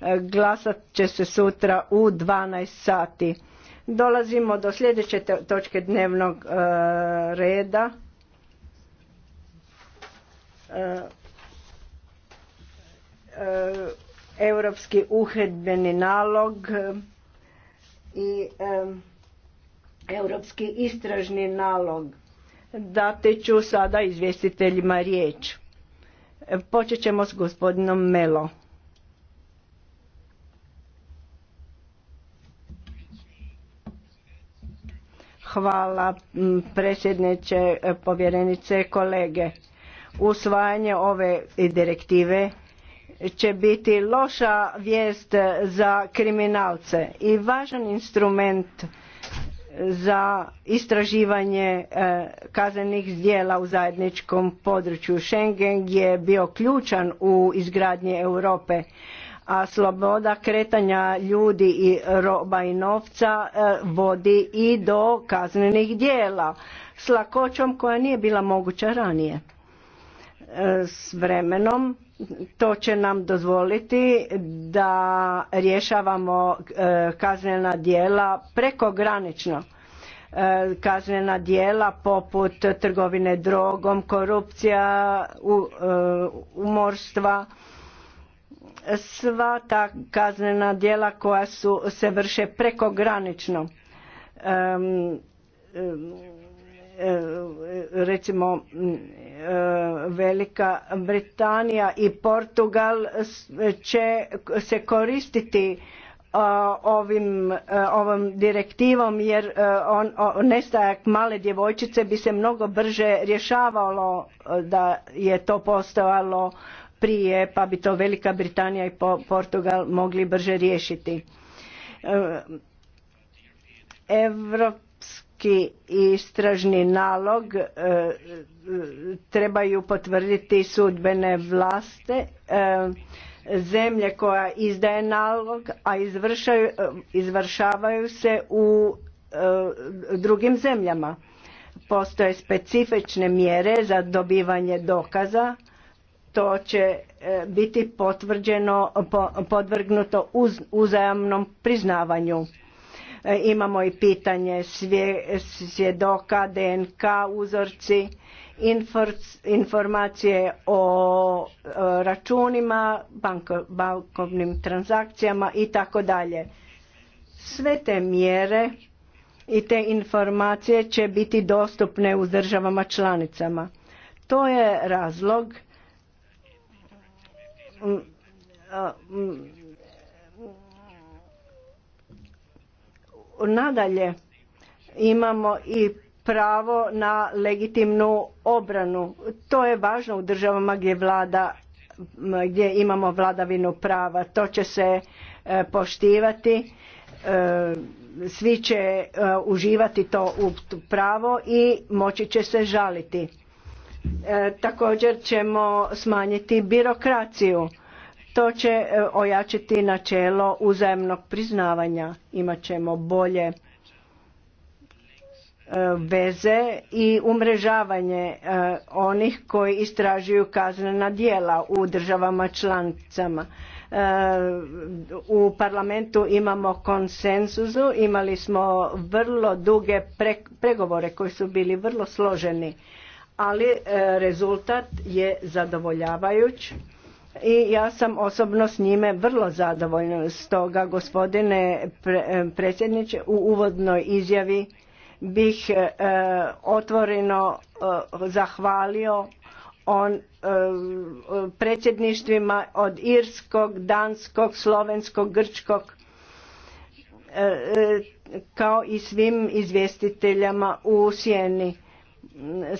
E, glasat će se sutra u 12 sati. Dolazimo do sljedeće točke dnevnog e, reda. E, Europski uhedbeni nalog i Europski istražni nalog. Dati ću sada izvjestiteljima riječ. Počet ćemo s gospodinom Melo. Hvala predsjedniče, e, povjerenice, kolege. Usvajanje ove direktive će biti loša vijest za kriminalce i važan instrument za istraživanje e, kaznenih djela u zajedničkom području. Schengen je bio ključan u izgradnji Europe a sloboda kretanja ljudi i roba i novca e, vodi i do kaznenih dijela s lakoćom koja nije bila moguća ranije. E, s vremenom to će nam dozvoliti da rješavamo e, kaznena dijela prekogranično kaznena dijela poput trgovine drogom, korupcija, umorstva sva ta kaznena djela koja su se vrše prekogranično recimo e, Velika Britanija i Portugal će se koristiti e, ovim, e, ovom direktivom jer on, nestajak male djevojčice bi se mnogo brže rješavalo da je to postojalo prije, pa bi to Velika Britanija i Portugal mogli brže riješiti. Europski istražni nalog e, trebaju potvrditi sudbene vlaste e, zemlje koja izdaje nalog, a e, izvršavaju se u drugim zemljama. Postoje specifične mjere za dobivanje dokaza to će e, biti potvrđeno, podvrgnuto uzajamnom priznavanju. E, imamo i pitanje svjedoka, DNK uzorci, informacije o računima, bankovnim transakcijama i tako dalje. Sve te mjere i te informacije će biti dostupne u državama članicama. To je razlog Nadalje imamo i pravo na legitimnu obranu. To je važno u državama gdje vlada gdje imamo vladavinu prava. To će se e, poštivati, e, svi će e, uživati to u pravo i moći će se žaliti. E, također ćemo smanjiti birokraciju. To će e, ojačiti načelo uzajemnog priznavanja. Imat ćemo bolje e, veze i umrežavanje onih koji istražuju kaznena djela u državama članicama. U parlamentu imamo konsenzuzu, imali smo vrlo duge pregovore koji su bili vrlo složeni ali e, rezultat je zadovoljavajuć i ja sam osobno s njime vrlo zadovoljna. Stoga, gospodine e, predsjedniče, u uvodnoj izjavi bih e, otvoreno zahvalio on predsjedništvima od irskog, danskog, slovenskog, grčkog kao i svim izvjestiteljama u sjeni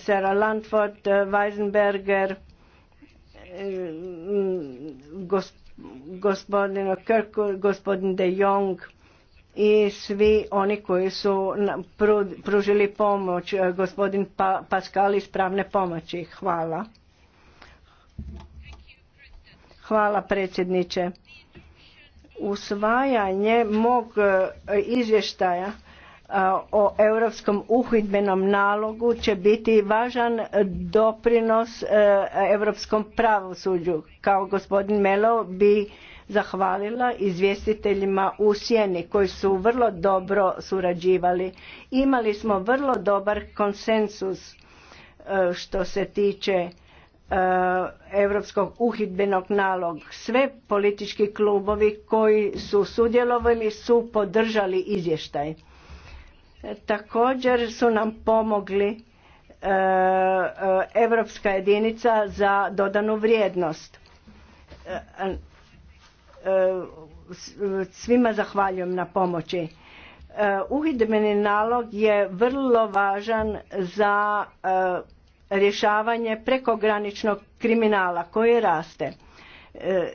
Sarah Landford, eh, Weisenberger, eh, gospodin Kirk, gospodin De Jong i svi oni koji su pružili pomoć, eh, gospodin pa, Pascal iz pravne pomoći. Hvala. Hvala predsjedniče. Usvajanje mog izvještaja o europskom uhidbenom nalogu će biti važan doprinos e, europskom pravosuđu. Kao gospodin Melo bi zahvalila izvjestiteljima u Sjeni koji su vrlo dobro surađivali. Imali smo vrlo dobar konsensus e, što se tiče e, europskog uhidbenog nalog. Sve politički klubovi koji su sudjelovali su podržali izvještaj. Također su nam pomogli Europska e, jedinica za dodanu vrijednost. E, e, svima zahvaljujem na pomoći. Uhidbeni nalog je vrlo važan za rješavanje prekograničnog kriminala koji raste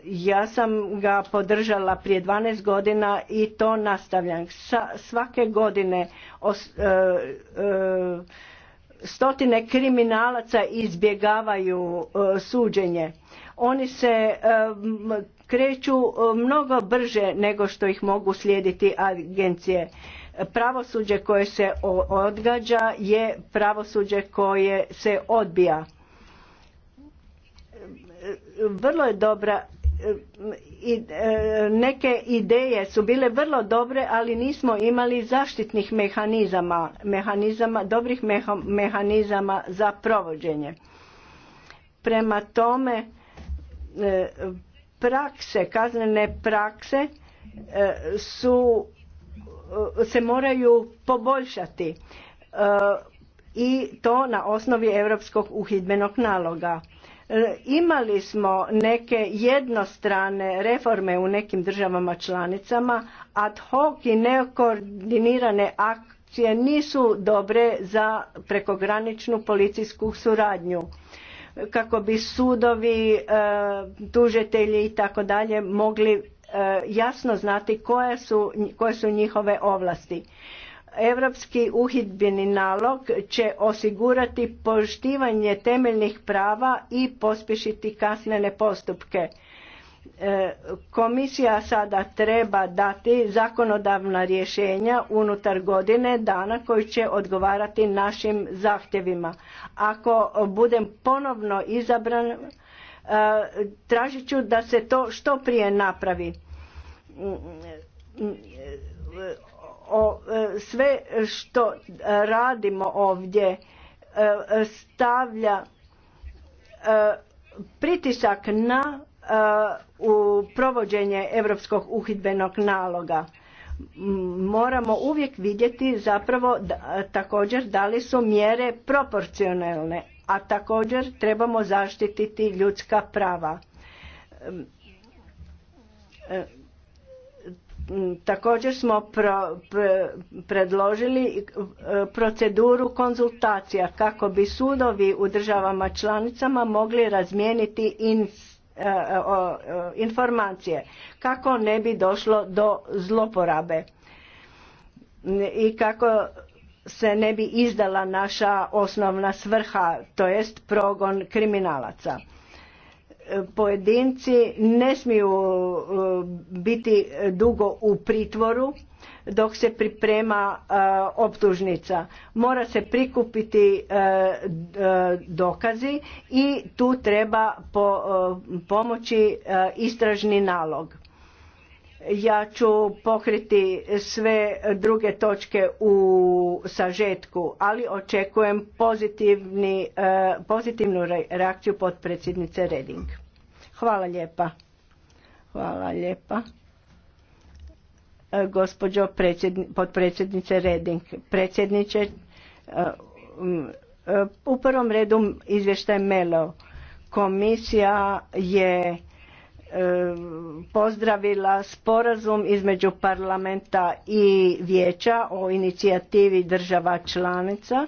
ja sam ga podržala prije 12 godina i to nastavljam. Svake godine e, e, stotine kriminalaca izbjegavaju e, suđenje. Oni se kreću mnogo brže nego što ih mogu slijediti agencije. Pravosuđe koje se odgađa je pravosuđe koje se odbija vrlo je dobra e, i e, neke ideje su bile vrlo dobre, ali nismo imali zaštitnih mehanizama, mehanizama dobrih mehanizama za provođenje. Prema tome e, prakse, kaznene prakse su se moraju poboljšati i to na osnovi europskog uhidbenog naloga E, imali smo neke jednostrane reforme u nekim državama članicama, ad hoc i nekoordinirane akcije nisu dobre za prekograničnu policijsku suradnju kako bi sudovi, e, tužitelji i tako dalje mogli e, jasno znati koje su njihove ovlasti. Europski uhidbeni nalog će osigurati poštivanje temeljnih prava i pospješiti kasnene postupke. E, komisija sada treba dati zakonodavna rješenja unutar godine dana koji će odgovarati našim zahtjevima. Ako budem ponovno izabran, e, tražit ću da se to što prije napravi E, sve što radimo ovdje e, stavlja e, pritisak na u provođenje europskog uhidbenog naloga moramo uvijek vidjeti zapravo da, također da li su mjere proporcionalne a također trebamo zaštititi ljudska prava Također smo predložili e, proceduru konzultacija kako bi sudovi u državama članicama mogli razmijeniti e, e, informacije kako ne bi došlo do zloporabe i kako se ne bi izdala naša osnovna svrha, to jest progon kriminalaca pojedinci ne smiju e, biti dugo u pritvoru dok se priprema e, optužnica. Mora se prikupiti e, dokazi i tu treba pomoći istražni nalog. Ja ću pokriti sve druge točke u sažetku, ali očekujem e, pozitivnu reakciju potpredsjednice Reding. Hvala lijepa. Hvala lijepa. E, gospođo potpredsjednice Reding, predsjedniče, e, u prvom redu izvještaj Melo. Komisija je pozdravila sporazum između parlamenta i vijeća o inicijativi država članica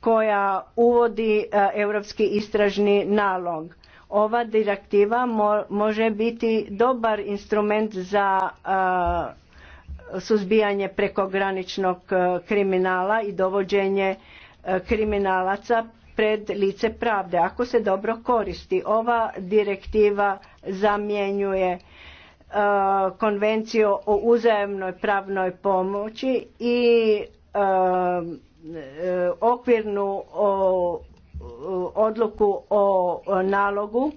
koja uvodi e, europski istražni nalog. Ova direktiva može biti dobar instrument za e, suzbijanje prekograničnog e, kriminala i dovođenje kriminalaca pred lice pravde ako se dobro koristi. Ova direktiva zamjenjuje e, konvenciju o uzajemnoj pravnoj pomoći i e, e, okvirnu odluku o nalogu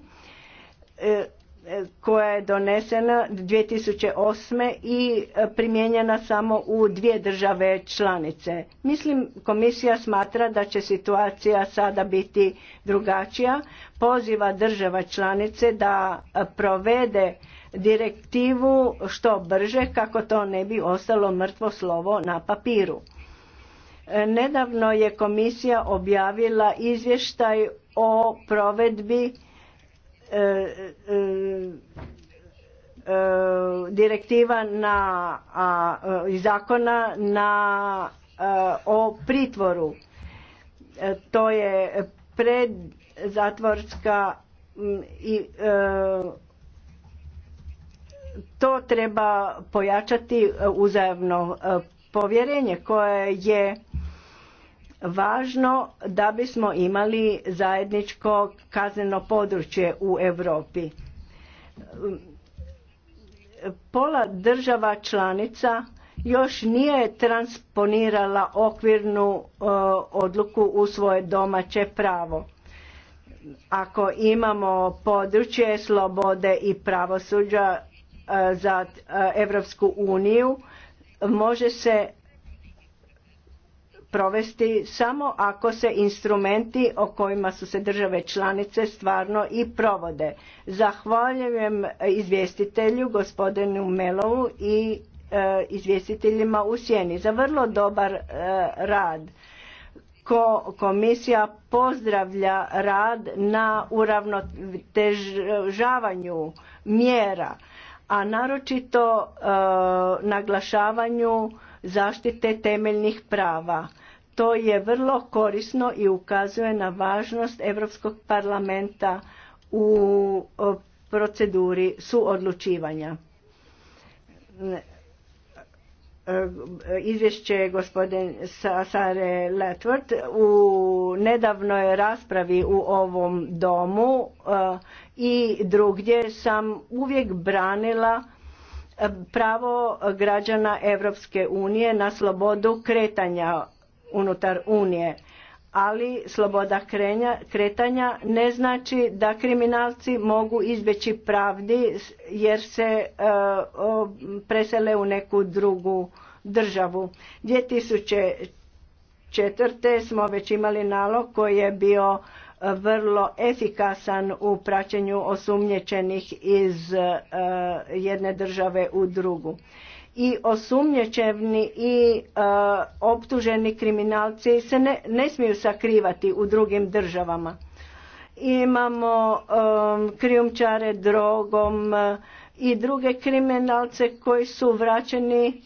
koja je donesena 2008. i e, primijenjena samo u dvije države članice. Mislim, komisija smatra da će situacija sada biti drugačija. Poziva država članice da e, provede direktivu što brže kako to ne bi ostalo mrtvo slovo na papiru. E, nedavno je komisija objavila izvještaj o provedbi E, e, e, direktiva na i zakona na o pritvoru to je pred zatvorska i to treba pojačati uzajamno povjerenje koje je važno da bismo imali zajedničko kazneno područje u Europi. Pola država članica još nije transponirala okvirnu e, odluku u svoje domaće pravo. Ako imamo područje slobode i pravosuđa e, za Europsku uniju, može se provesti samo ako se instrumenti o kojima su se države članice stvarno i provode. Zahvaljujem izvjestitelju gospodinu Melovu i e, izvjestiteljima u sjeni za vrlo dobar e, rad. Ko, komisija pozdravlja rad na uravnotežavanju mjera, a naročito e, naglašavanju zaštite temeljnih prava to je vrlo korisno i ukazuje na važnost Europskog parlamenta u proceduri suodlučivanja. E, izvješće gospodin Sare Letvrt u nedavnoj raspravi u ovom domu e, i drugdje sam uvijek branila e, pravo građana Europske unije na slobodu kretanja unutar Unije. Ali sloboda krenja, kretanja ne znači da kriminalci mogu izbjeći pravdi jer se e, presele u neku drugu državu. 2004. smo već imali nalog koji je bio e, vrlo efikasan u praćenju osumnječenih iz e, jedne države u drugu i osumnječevni i e, optuženi kriminalci se ne, ne smiju sakrivati u drugim državama. Imamo e, krijumčare drogom e, i druge kriminalce koji su vraćeni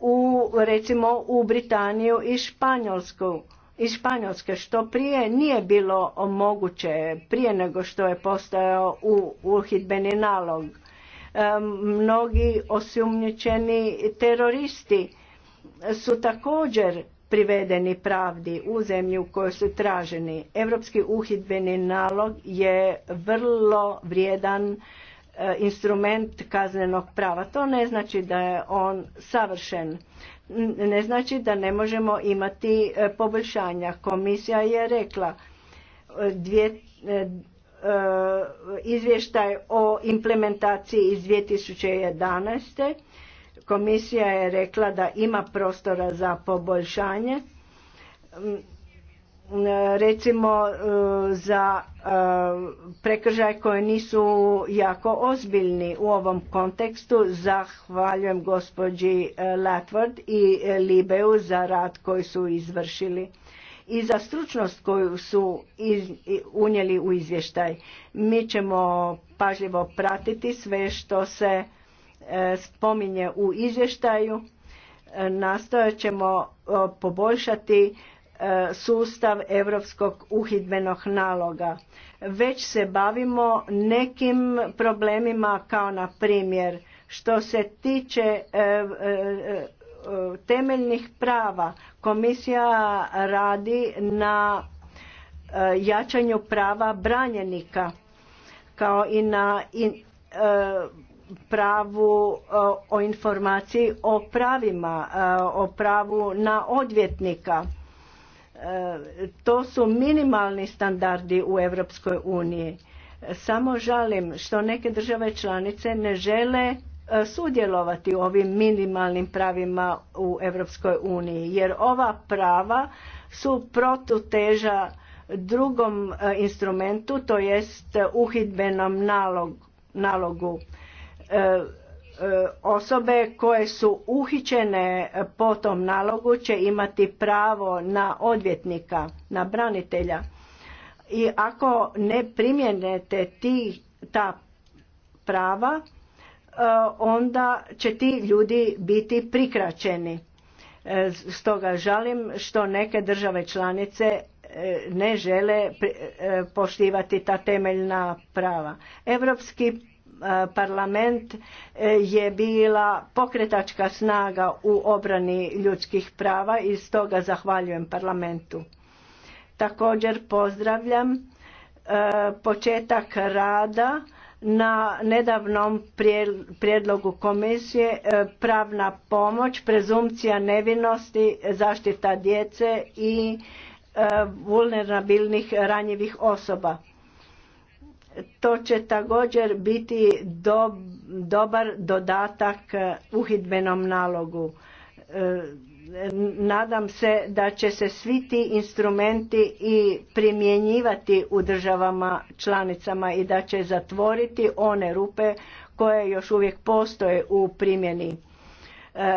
u recimo u Britaniju i Španjolsku i Španjolske što prije nije bilo moguće prije nego što je postojao uhidbeni nalog mnogi osumnjičeni teroristi su također privedeni pravdi u zemlju u kojoj su traženi. Europski uhidbeni nalog je vrlo vrijedan e, instrument kaznenog prava. To ne znači da je on savršen. Ne znači da ne možemo imati e, poboljšanja. Komisija je rekla e, dvije, E, izvještaj o implementaciji iz 2011. Komisija je rekla da ima prostora za poboljšanje. Mm, e, recimo e, za prekržaj koji nisu jako ozbiljni u ovom kontekstu zahvaljujem gospođi Latford i Libeu za rad koji su izvršili i za stručnost koju su unijeli u izvještaj. Mi ćemo pažljivo pratiti sve što se e, spominje u izvještaju. E, nastojat ćemo e, poboljšati e, sustav europskog uhidbenog naloga. Već se bavimo nekim problemima kao na primjer što se tiče temeljnih prava Komisija radi na e, jačanju prava branjenika kao i na e, pravu e, o informaciji o pravima, o pravu na odvjetnika. To su minimalni standardi u Europskoj uniji. Samo žalim što neke države članice ne žele E, sudjelovati u ovim minimalnim pravima u Europskoj uniji jer ova prava su protuteža drugom e, instrumentu to jest uhidbenom nalogu e, osobe koje su uhićene po tom nalogu će imati pravo na odvjetnika na branitelja i ako ne primjenete ta prava E, onda će ti ljudi biti prikraćeni. E, stoga žalim što neke države članice e, ne žele poštivati ta temeljna prava. Europski parlament je bila pokretačka snaga u obrani ljudskih prava i stoga zahvaljujem parlamentu. Također pozdravljam početak rada na nedavnom prijedlogu komisije e, pravna pomoć, prezumcija nevinosti, zaštita djece i e, vulnerabilnih ranjivih osoba. To će također biti dobar dodatak e, uhidbenom nalogu nadam se da će se svi ti instrumenti i primjenjivati u državama članicama i da će zatvoriti one rupe koje još uvijek postoje u primjeni e,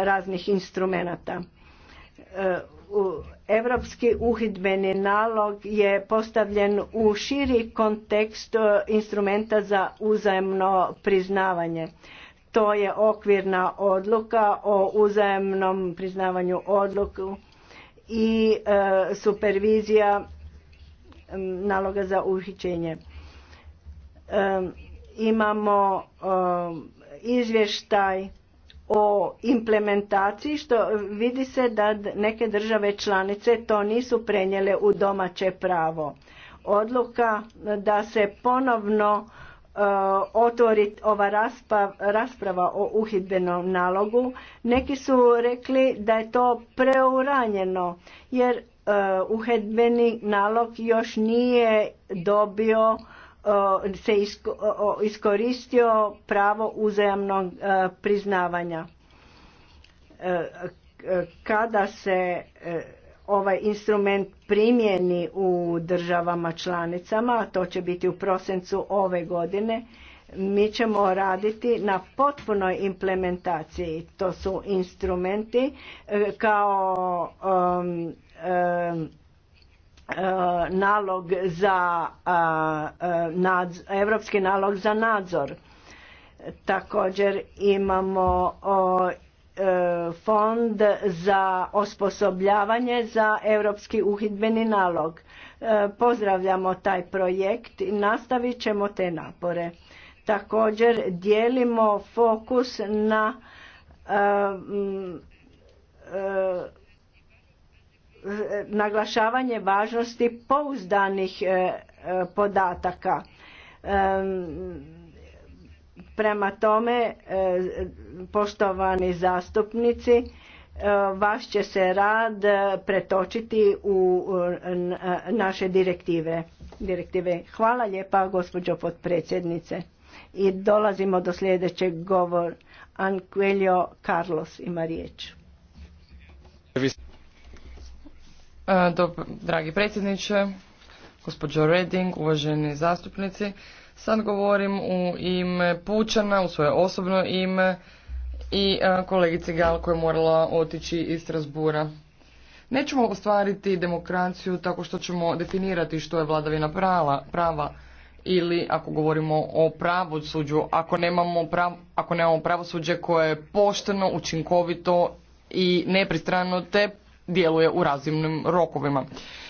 raznih instrumenata. Europski uhidbeni nalog je postavljen u širi kontekst e, instrumenta za uzajemno priznavanje to je okvirna odluka o uzajemnom priznavanju odluku i e, supervizija naloga za uhićenje. E, imamo e, izvještaj o implementaciji što vidi se da neke države članice to nisu prenijele u domaće pravo. Odluka da se ponovno Eh, otvori ova rasprava o uhidbenom nalogu. Neki su rekli da je to preuranjeno jer eh, uhidbeni nalog još nije dobio eh, se iskoristio pravo uzajamnog priznavanja. Kada se ovaj instrument primjeni u državama članicama, to će biti u prosincu ove godine, mi ćemo raditi na potpunoj implementaciji. To su instrumenti e, kao um, um, e, nalog za e, nad, evropski nalog za nadzor. Također imamo fond za osposobljavanje za europski uhidbeni nalog. E, pozdravljamo taj projekt i nastavit ćemo te napore. Također dijelimo fokus na e, e, naglašavanje važnosti pouzdanih podataka Prema tome, e, poštovani zastupnici, e, vaš će se rad pretočiti u naše direktive. direktive. Hvala lijepa gospođo potpredsjednice. I dolazimo do sljedećeg govor. Anquelio Carlos ima riječ. E, Dobro, dragi predsjedniče, gospođo Reding, uvaženi zastupnici, Sad govorim u ime Pučana, u svoje osobno ime i e, kolegici Gal koja je morala otići iz Strasbura. Nećemo ostvariti demokraciju tako što ćemo definirati što je vladavina prava, prava ili ako govorimo o pravosuđu, ako nemamo, prav, ako nemamo pravosuđe koje je pošteno, učinkovito i nepristrano te djeluje u razumnim rokovima.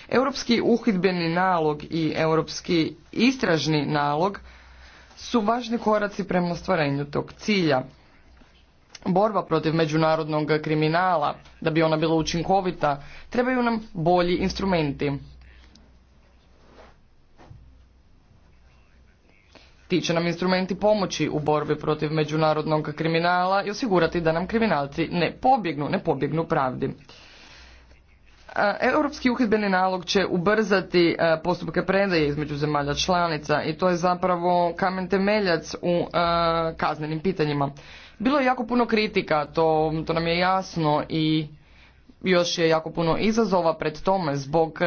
Europski uhidbeni nalog i europski istražni nalog su važni koraci prema stvarenju tog cilja. Borba protiv međunarodnog kriminala, da bi ona bila učinkovita, trebaju nam bolji instrumenti. Ti će nam instrumenti pomoći u borbi protiv međunarodnog kriminala i osigurati da nam kriminalci ne pobjegnu, ne pobjegnu pravdi. E, europski uhidbeni nalog će ubrzati e, postupke predaje između zemalja članica i to je zapravo kamen temeljac u e, kaznenim pitanjima. Bilo je jako puno kritika, to, to nam je jasno i još je jako puno izazova pred tome zbog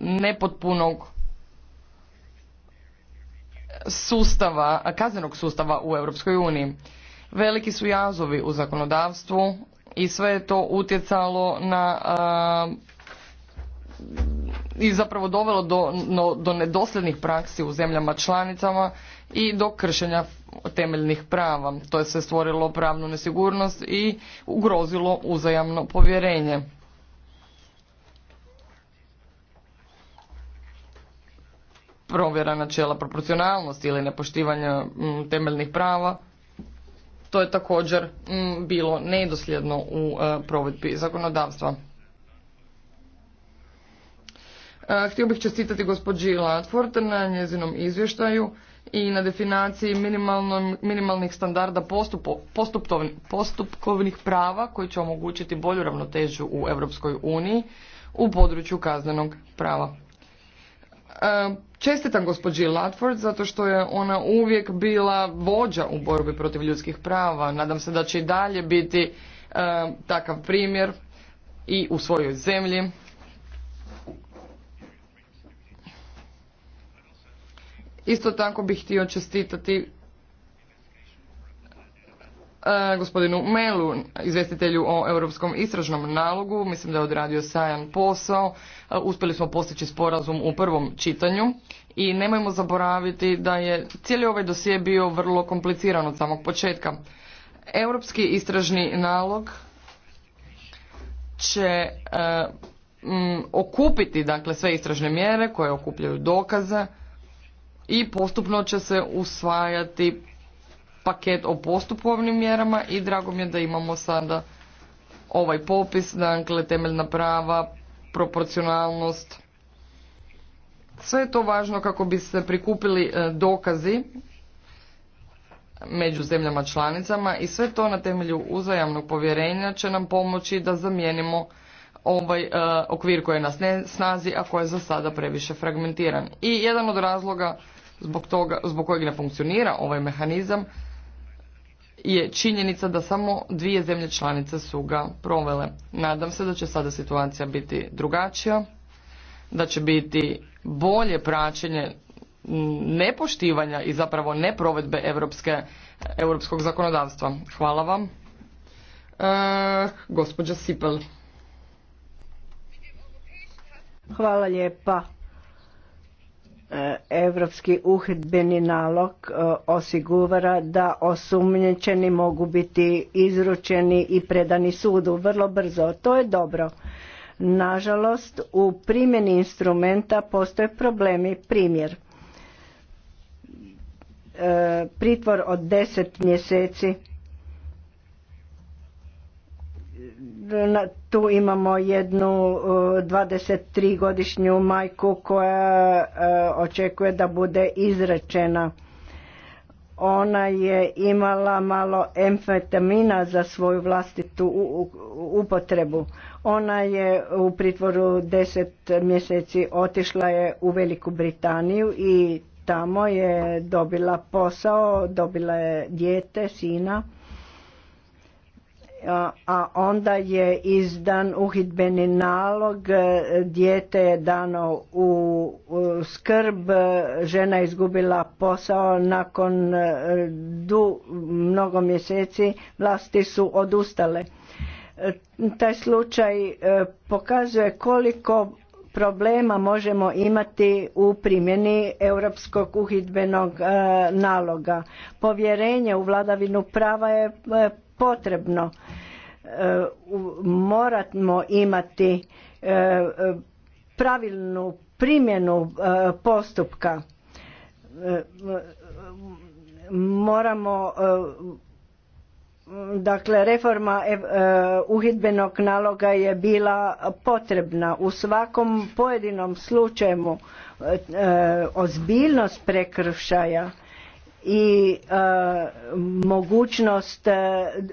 nepotpunog sustava, kaznenog sustava u Europskoj uniji. Veliki su jazovi u zakonodavstvu i sve je to utjecalo na i zapravo dovelo do, do nedosljednih praksi u zemljama članicama i do kršenja temeljnih prava. To je se stvorilo pravnu nesigurnost i ugrozilo uzajamno povjerenje. Provjera načela proporcionalnosti ili nepoštivanja mm, temeljnih prava to je također mm, bilo nedosljedno u e, provedbi zakonodavstva. E, htio bih čestitati gospođi Latford na njezinom izvještaju i na definaciji minimalnih standarda postupkovnih prava koji će omogućiti bolju ravnotežu u Europskoj uniji u području kaznenog prava. E, čestitam gospođi Latford zato što je ona uvijek bila vođa u borbi protiv ljudskih prava. Nadam se da će i dalje biti e, takav primjer i u svojoj zemlji Isto tako bih htio čestitati e, gospodinu Melu, izvjestitelju o europskom istražnom nalogu. Mislim da je odradio sajan posao. E, uspjeli smo postići sporazum u prvom čitanju i nemojmo zaboraviti da je cijeli ovaj dosije bio vrlo kompliciran od samog početka. Europski istražni nalog će e, okupiti dakle sve istražne mjere koje okupljaju dokaze i postupno će se usvajati paket o postupovnim mjerama i drago mi je da imamo sada ovaj popis, dakle temeljna prava, proporcionalnost. Sve je to važno kako bi se prikupili e, dokazi među zemljama članicama i sve to na temelju uzajamnog povjerenja će nam pomoći da zamijenimo ovaj e, okvir koji je na snazi, a koji je za sada previše fragmentiran. I jedan od razloga zbog, toga, zbog kojeg ne funkcionira ovaj mehanizam je činjenica da samo dvije zemlje članice su ga provele. Nadam se da će sada situacija biti drugačija, da će biti bolje praćenje nepoštivanja i zapravo neprovedbe europske, europskog zakonodavstva. Hvala vam. E, Sipel. Hvala lijepa. Europski uhidbeni nalog e, osigura da osumnjičeni mogu biti izručeni i predani sudu vrlo brzo. To je dobro. Nažalost, u primjeni instrumenta postoje problemi. Primjer, e, pritvor od deset mjeseci tu imamo jednu 23 godišnju majku koja e, očekuje da bude izrečena ona je imala malo amfetamina za svoju vlastitu upotrebu. Ona je u pritvoru deset mjeseci otišla je u Veliku Britaniju i tamo je dobila posao, dobila je dijete, sina a onda je izdan uhidbeni nalog, e, dijete je dano u skrb, žena je izgubila posao nakon e, du, mnogo mjeseci, vlasti su odustale. E, taj slučaj pokazuje koliko problema možemo imati u primjeni europskog uhidbenog naloga. Povjerenje u vladavinu prava je potrebno. E, moramo imati e, e, pravilnu primjenu postupka. Moramo dakle reforma uhidbenog naloga je bila potrebna u svakom pojedinom slučaju ozbiljnost prekršaja i e, mogućnost e,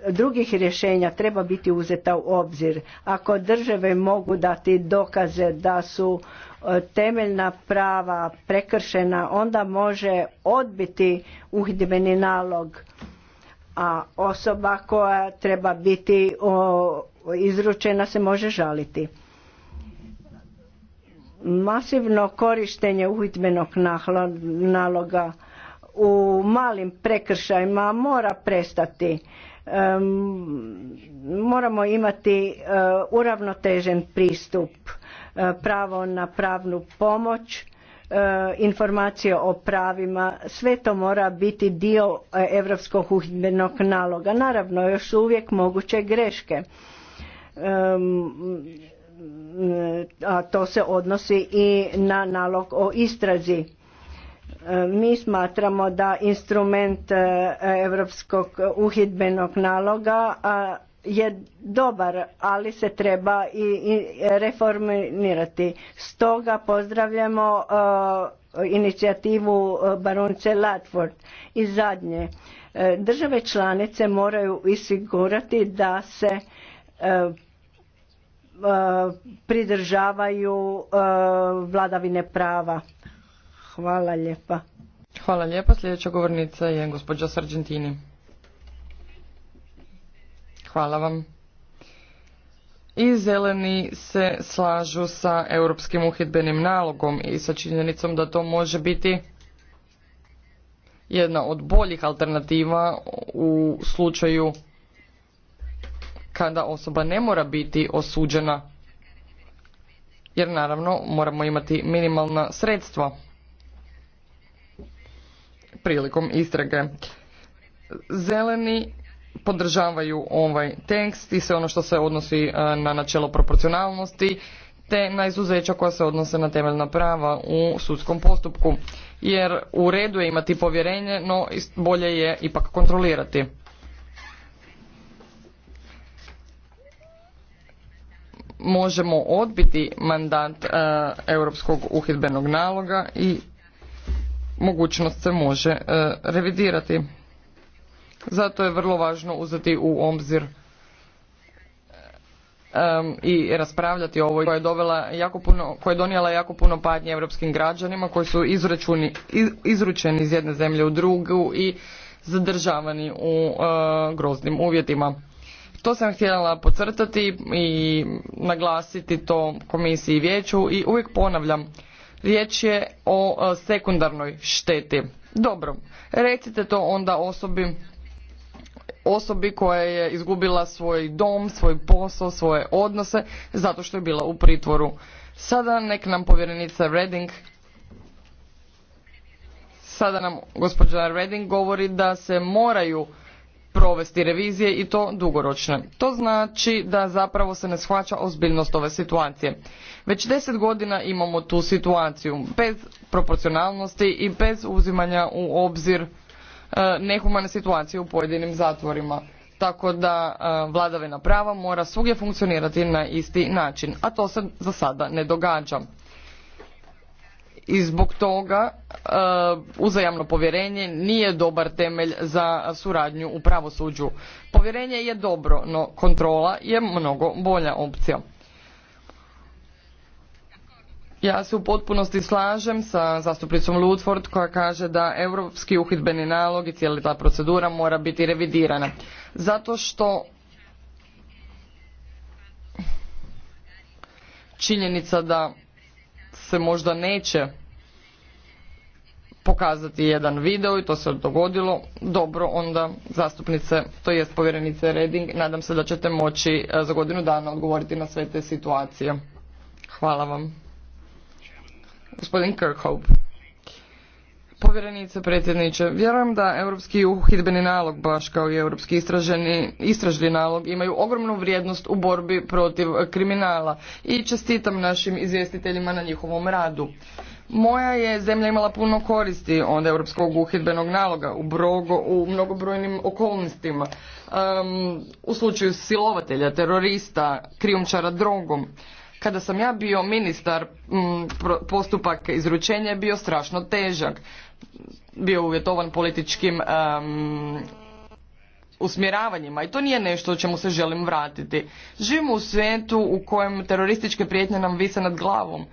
drugih rješenja treba biti uzeta u obzir. Ako države mogu dati dokaze da su e, temeljna prava prekršena, onda može odbiti uhidbeni nalog a osoba koja treba biti izručena se može žaliti. Masivno korištenje uhidbenog naloga u malim prekršajima mora prestati. Moramo imati e, uravnotežen pristup, e, pravo na pravnu pomoć, e, informacije o pravima, sve to mora biti dio Europskog uhidbenog naloga. Naravno, još uvijek moguće greške. A to se odnosi i na nalog o istrazi mi smatramo da instrument Europskog uhidbenog naloga je dobar, ali se treba i reformirati. Stoga pozdravljamo e, inicijativu e, baronce Latford. I zadnje, e, države članice moraju isigurati da se pridržavaju vladavine prava. Hvala lijepa. Hvala lijepa. Sljedeća govornica je gospođa Sargentini. Hvala vam. I zeleni se slažu sa europskim uhidbenim nalogom i sa činjenicom da to može biti jedna od boljih alternativa u slučaju kada osoba ne mora biti osuđena jer naravno moramo imati minimalna sredstva prilikom istrage. Zeleni podržavaju ovaj tekst i sve ono što se odnosi e, na načelo proporcionalnosti te na izuzeća koja se odnose na temeljna prava u sudskom postupku. Jer u redu je imati povjerenje, no bolje je ipak kontrolirati. Možemo odbiti mandat e, Europskog uhidbenog naloga i mogućnost se može e, revidirati. Zato je vrlo važno uzeti u obzir e, i raspravljati ovo ovoj koja je, dovela jako puno, koja je donijela jako puno padnje europskim građanima koji su izračuni, izručeni iz jedne zemlje u drugu i zadržavani u e, groznim uvjetima. To sam htjela podcrtati i naglasiti to komisiji i vijeću i uvijek ponavljam Riječ je o e, sekundarnoj šteti. Dobro, recite to onda osobi osobi koja je izgubila svoj dom, svoj posao, svoje odnose zato što je bila u pritvoru. Sada nek nam povjerenica Reding sada nam gospođa Reding govori da se moraju provesti revizije i to dugoročne. To znači da zapravo se ne shvaća ozbiljnost ove situacije. Već deset godina imamo tu situaciju bez proporcionalnosti i bez uzimanja u obzir e, nehumane situacije u pojedinim zatvorima. Tako da e, vladavina prava mora svugdje funkcionirati na isti način, a to se za sada ne događa i zbog toga e, uzajamno povjerenje nije dobar temelj za suradnju u pravosuđu. Povjerenje je dobro, no kontrola je mnogo bolja opcija. Ja se u potpunosti slažem sa zastupnicom Ludford koja kaže da europski uhidbeni nalog i cijela ta procedura mora biti revidirana. Zato što činjenica da se možda neće pokazati jedan video i to se dogodilo. Dobro, onda zastupnice, to jest povjerenice Reding, nadam se da ćete moći e, za godinu dana odgovoriti na sve te situacije. Hvala vam. Gospodin Kirkhope. Povjerenice, predsjedniče, vjerujem da europski uhidbeni nalog, baš kao i europski istraženi, istražni nalog, imaju ogromnu vrijednost u borbi protiv kriminala i čestitam našim izvjestiteljima na njihovom radu. Moja je zemlja imala puno koristi od europskog uhidbenog naloga u, brogo, u mnogobrojnim okolnostima. u slučaju silovatelja, terorista, krijumčara drogom. Kada sam ja bio ministar, postupak izručenja je bio strašno težak bio uvjetovan političkim usmjeravanjima i to nije nešto o čemu se želim vratiti. Živimo u svijetu u kojem terorističke prijetnje nam vise nad glavom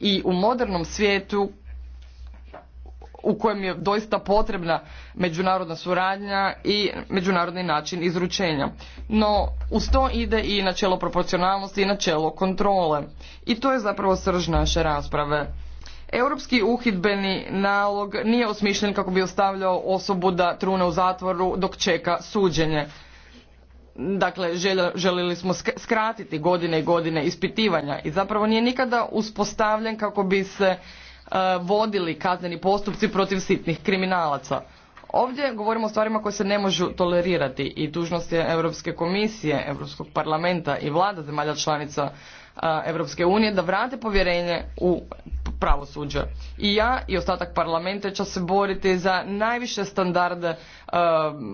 i u modernom svijetu u kojem je doista potrebna međunarodna suradnja i međunarodni način izručenja. No, uz to ide i načelo proporcionalnosti i načelo kontrole. I to je zapravo srž naše rasprave Europski uhidbeni nalog nije osmišljen kako bi ostavljao osobu da trune u zatvoru dok čeka suđenje. Dakle, željeli smo skratiti godine i godine ispitivanja i zapravo nije nikada uspostavljen kako bi se e, vodili kazneni postupci protiv sitnih kriminalaca. Ovdje govorimo o stvarima koje se ne možu tolerirati i dužnost je Europske komisije, Europskog parlamenta i vlada zemalja članica Europske unije da vrate povjerenje u pravosuđe. I ja i ostatak parlamenta će se boriti za najviše standarde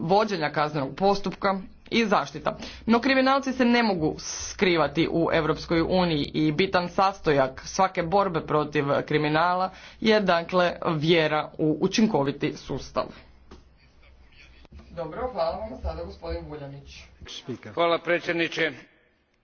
vođenja kaznenog postupka i zaštita. No kriminalci se ne mogu skrivati u Europskoj uniji i bitan sastojak svake borbe protiv kriminala je dakle vjera u učinkoviti sustav. Dobro, hvala vam. Sada gospodin Vuljanić. Hvala predsjedniče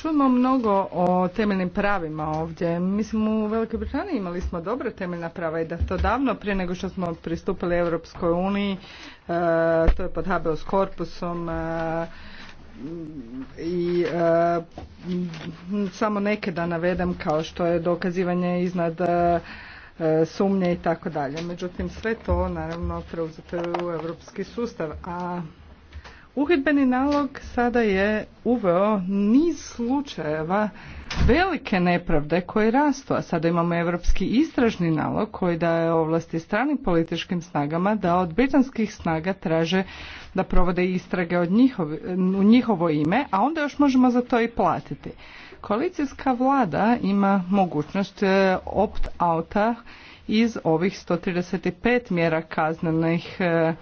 Čujemo mnogo o temeljnim pravima ovdje. Mislim, u Velikoj Britaniji imali smo dobre temeljna prava i da to davno prije nego što smo pristupili Europskoj uniji, e, to je pod s korpusom, e, i e, samo neke da navedem kao što je dokazivanje iznad sumnje i tako dalje. Međutim, sve to naravno preuzete u europski sustav, a Uhidbeni nalog sada je uveo niz slučajeva velike nepravde koje rastu, a sada imamo europski istražni nalog koji daje ovlasti stranim političkim snagama da od britanskih snaga traže da provode istrage od u njihovo ime, a onda još možemo za to i platiti. Koalicijska vlada ima mogućnost e, opt-outa iz ovih 135 mjera kaznenih e,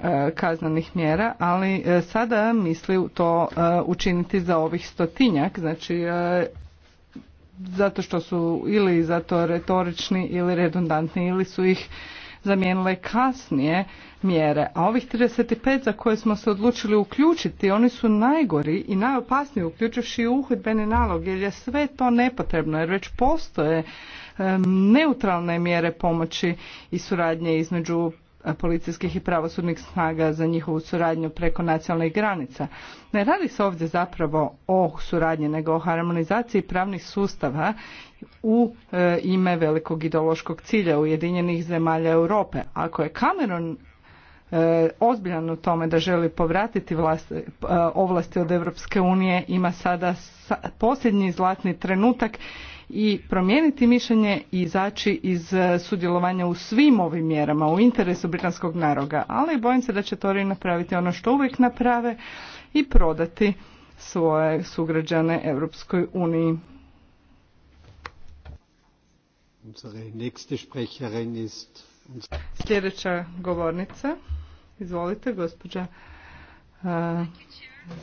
E, kaznenih mjera, ali e, sada misli to e, učiniti za ovih stotinjak, znači zato što su ili zato retorični ili redundantni ili su ih zamijenile kasnije mjere. A ovih 35 za koje smo se odlučili uključiti, oni su najgori i najopasniji, uključujući i uhudbeni nalog, jer je sve to nepotrebno, jer već postoje neutralne mjere pomoći i suradnje između policijskih i pravosudnih snaga za njihovu suradnju preko nacionalnih granica. Ne radi se ovdje zapravo o suradnji, nego o harmonizaciji pravnih sustava u e, ime velikog ideološkog cilja Ujedinjenih zemalja Europe. Ako je Cameron e, ozbiljan u tome da želi povratiti e, ovlasti od Europske unije ima sada posljednji zlatni trenutak i promijeniti mišljenje i izaći iz e, sudjelovanja u svim ovim mjerama u interesu britanskog naroga. ali bojim se da će Tori napraviti ono što uvijek naprave i prodati svoje sugrađane Europskoj uniji. Sljedeća govornica, izvolite, gospođa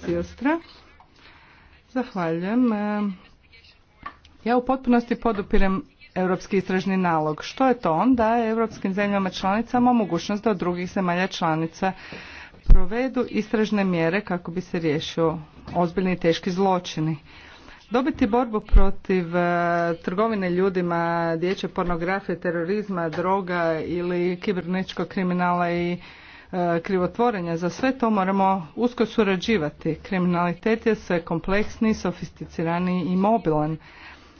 Sjostra. E, Zahvaljujem. Ja u potpunosti podupirem europski istražni nalog. Što je to On onda? Europskim zemljama članicama mogućnost da od drugih zemalja članica provedu istražne mjere kako bi se riješio ozbiljni i teški zločini. Dobiti borbu protiv e, trgovine ljudima, dječje pornografije, terorizma, droga ili kibernetičkog kriminala i e, krivotvorenja. Za sve to moramo usko surađivati. Kriminalitet je sve kompleksniji, sofisticiraniji i mobilan,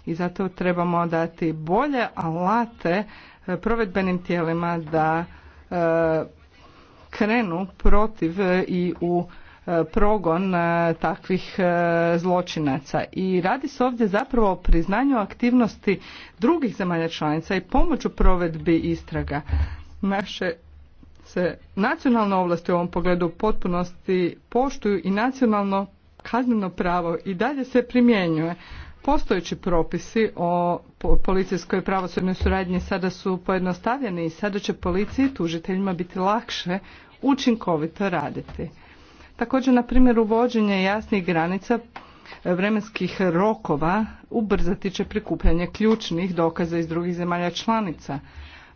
i zato trebamo dati bolje alate e, provedbenim tijelima da e, krenu protiv e, i u progon takvih zločinaca. I radi se ovdje zapravo o priznanju aktivnosti drugih zemalja članica i pomoću provedbi istraga. Naše se nacionalne ovlasti u ovom pogledu potpunosti poštuju i nacionalno kazneno pravo i dalje se primjenjuje. Postojeći propisi o policijskoj pravosudnoj suradnji sada su pojednostavljeni i sada će policiji i tužiteljima biti lakše učinkovito raditi. Također, na primjer, uvođenje jasnih granica e, vremenskih rokova ubrzati će prikupljanje ključnih dokaza iz drugih zemalja članica.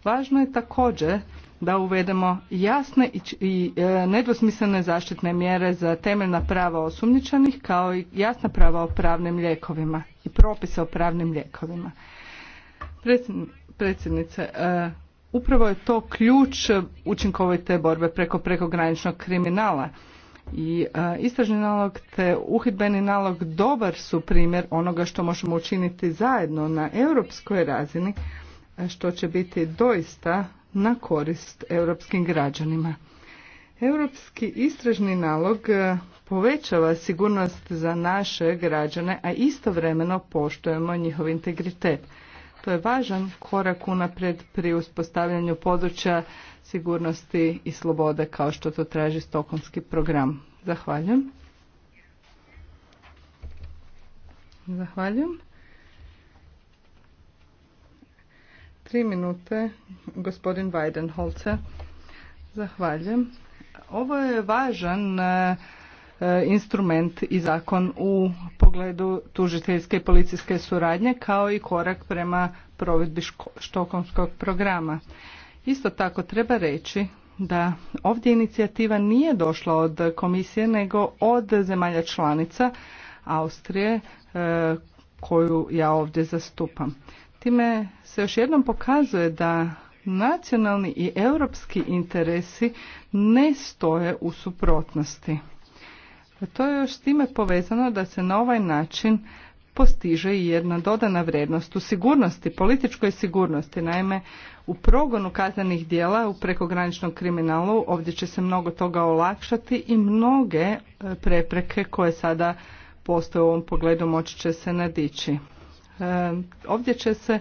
Važno je također da uvedemo jasne i e, nedvosmislene zaštitne mjere za temeljna prava osumnjičenih kao i jasna prava o pravnim lijekovima i propisa o pravnim lijekovima. Predsjednice, e, upravo je to ključ učinkovite borbe preko prekograničnog kriminala i e, istražni nalog te uhidbeni nalog dobar su primjer onoga što možemo učiniti zajedno na europskoj razini e, što će biti doista na korist europskim građanima. Europski istražni nalog povećava sigurnost za naše građane, a istovremeno poštujemo njihov integritet. To je važan korak unaprijed pri uspostavljanju područja sigurnosti i slobode kao što to traži Stokonski program. Zahvaljujem. Zahvaljujem. Tri minute, gospodin Weidenholzer. Zahvaljujem. Ovo je važan E, instrument i zakon u pogledu tužiteljske i policijske suradnje kao i korak prema provedbi štokomskog programa. Isto tako treba reći da ovdje inicijativa nije došla od komisije nego od zemalja članica Austrije e, koju ja ovdje zastupam. Time se još jednom pokazuje da nacionalni i europski interesi ne stoje u suprotnosti. To je još s time povezano da se na ovaj način postiže i jedna dodana vrijednost u sigurnosti, političkoj sigurnosti. Naime, u progonu kaznenih dijela u prekograničnom kriminalu ovdje će se mnogo toga olakšati i mnoge e, prepreke koje sada postoje u ovom pogledu moći će se nadići. E, ovdje će se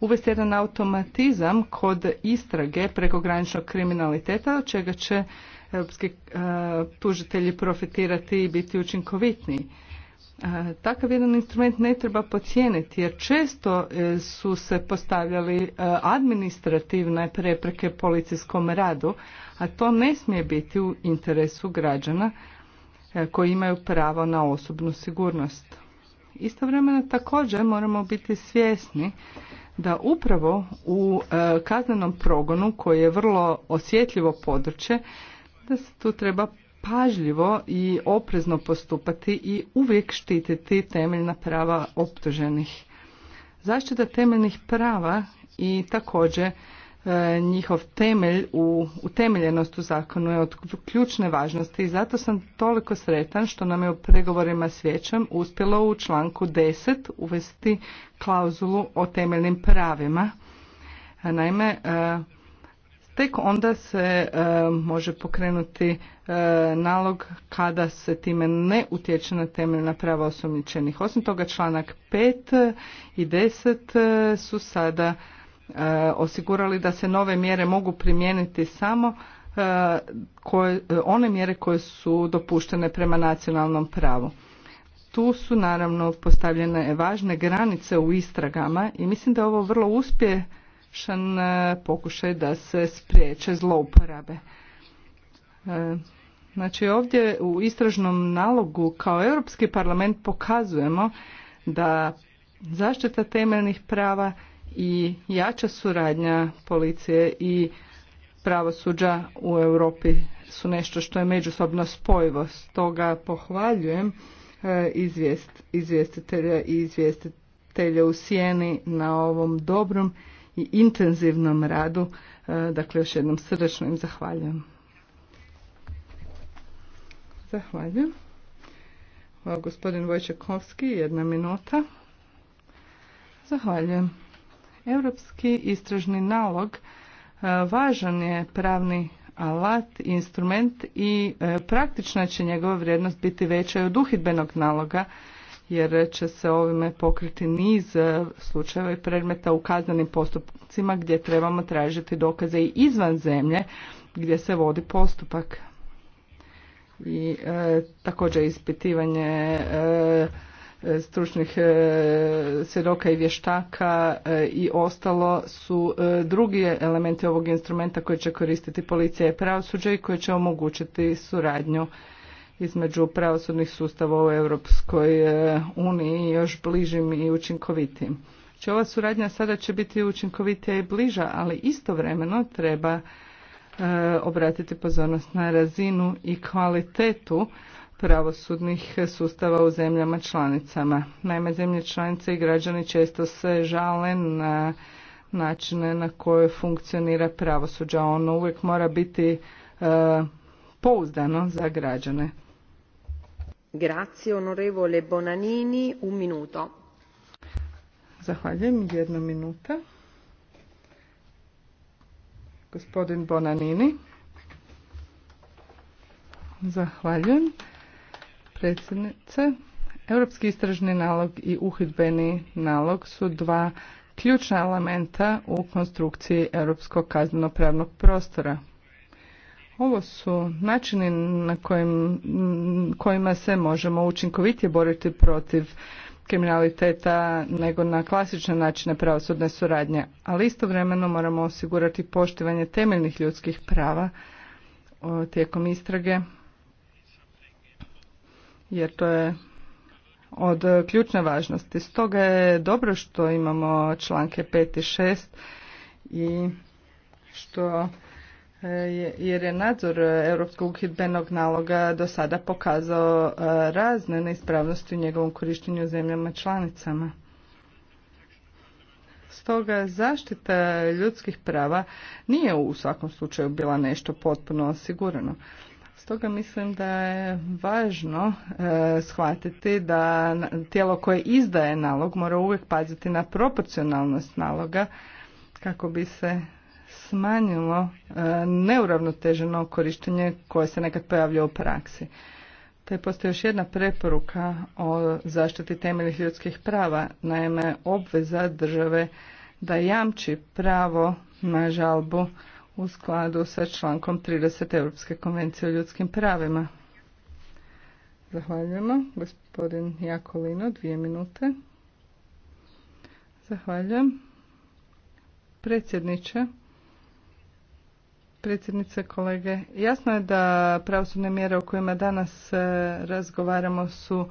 uvesti jedan automatizam kod istrage prekograničnog kriminaliteta, od čega će europski e, tužitelji profitirati i biti učinkovitniji. E, takav jedan instrument ne treba pocijeniti jer često e, su se postavljali administrativne prepreke policijskom radu, a to ne smije biti u interesu građana koji imaju pravo na osobnu sigurnost. Istovremeno također moramo biti svjesni da upravo u e, kaznenom progonu koji je vrlo osjetljivo područje da se tu treba pažljivo i oprezno postupati i uvijek štititi temeljna prava optuženih. Zaštita temeljnih prava i također E, njihov temelj u utemeljenost u zakonu je od ključne važnosti i zato sam toliko sretan što nam je u pregovorima s vijećem uspjelo u članku 10 uvesti klauzulu o temeljnim pravima. E, naime, e, tek onda se može pokrenuti nalog kada se time ne utječe na temeljna prava osumnjičenih. Osim toga članak 5 i 10 su sada E, osigurali da se nove mjere mogu primijeniti samo e, koje, e, one mjere koje su dopuštene prema nacionalnom pravu. Tu su naravno postavljene važne granice u istragama i mislim da je ovo vrlo uspješan pokušaj da se spriječe zlouporabe. Znači ovdje u istražnom nalogu kao Europski parlament pokazujemo da zaštita temeljnih prava i jača suradnja policije i pravosuđa u Europi su nešto što je međusobno spojivo. Stoga pohvaljujem e, izvjest, izvjestitelja i izvjestitelja u sjeni na ovom dobrom i intenzivnom radu. E, dakle, još jednom srdečno im zahvaljujem. Zahvaljujem. Gospodin Vojčekovski, jedna minuta. Zahvaljujem. Europski istražni nalog e, važan je pravni alat, instrument i e, praktična će njegova vrijednost biti veća od uhidbenog naloga jer će se ovime pokriti niz e, slučajeva i predmeta u kaznenim postupcima gdje trebamo tražiti dokaze i izvan zemlje gdje se vodi postupak. I također ispitivanje E, stručnih e, svjedoka i vještaka e, i ostalo su drugi elementi ovog instrumenta koji će koristiti policija i pravosuđe i koji će omogućiti suradnju između pravosudnih sustava u Europskoj uniji još bližim i učinkovitim. Znači ova suradnja sada će biti učinkovitija i bliža, ali istovremeno treba obratiti pozornost na razinu i kvalitetu pravosudnih sustava u zemljama članicama. Naime, zemlje članice i građani često se žale na načine na koje funkcionira pravosuđa. Ono uvijek mora biti e, pouzdano za građane. Grazie, onorevole Bonanini, un minuto. Zahvaljujem, jedna minuta. Gospodin Bonanini. Zahvaljujem predsjednice. Europski istražni nalog i uhidbeni nalog su dva ključna elementa u konstrukciji europskog kaznenopravnog prostora. Ovo su načini na kojim, kojima se možemo učinkovitije boriti protiv kriminaliteta nego na klasične načine pravosudne suradnje, ali istovremeno moramo osigurati poštivanje temeljnih ljudskih prava tijekom istrage jer to je od ključne važnosti. Stoga je dobro što imamo članke 5 i 6 i što e, jer je nadzor Europskog uhidbenog naloga do sada pokazao e, razne neispravnosti u njegovom korištenju u zemljama članicama. Stoga zaštita ljudskih prava nije u svakom slučaju bila nešto potpuno osigurano. Stoga mislim da je važno e, shvatiti da tijelo koje izdaje nalog mora uvijek paziti na proporcionalnost naloga kako bi se smanjilo e, neuravnoteženo korištenje koje se nekad pojavlja u praksi. je postoji još jedna preporuka o zaštiti temeljnih ljudskih prava, naime obveza države da jamči pravo na žalbu u skladu sa člankom 30 Europske konvencije o ljudskim pravima. Zahvaljujemo. Gospodin Jakolino, dvije minute. Zahvaljujem. Predsjedniče, predsjednice, kolege, jasno je da pravosudne mjere o kojima danas e, razgovaramo su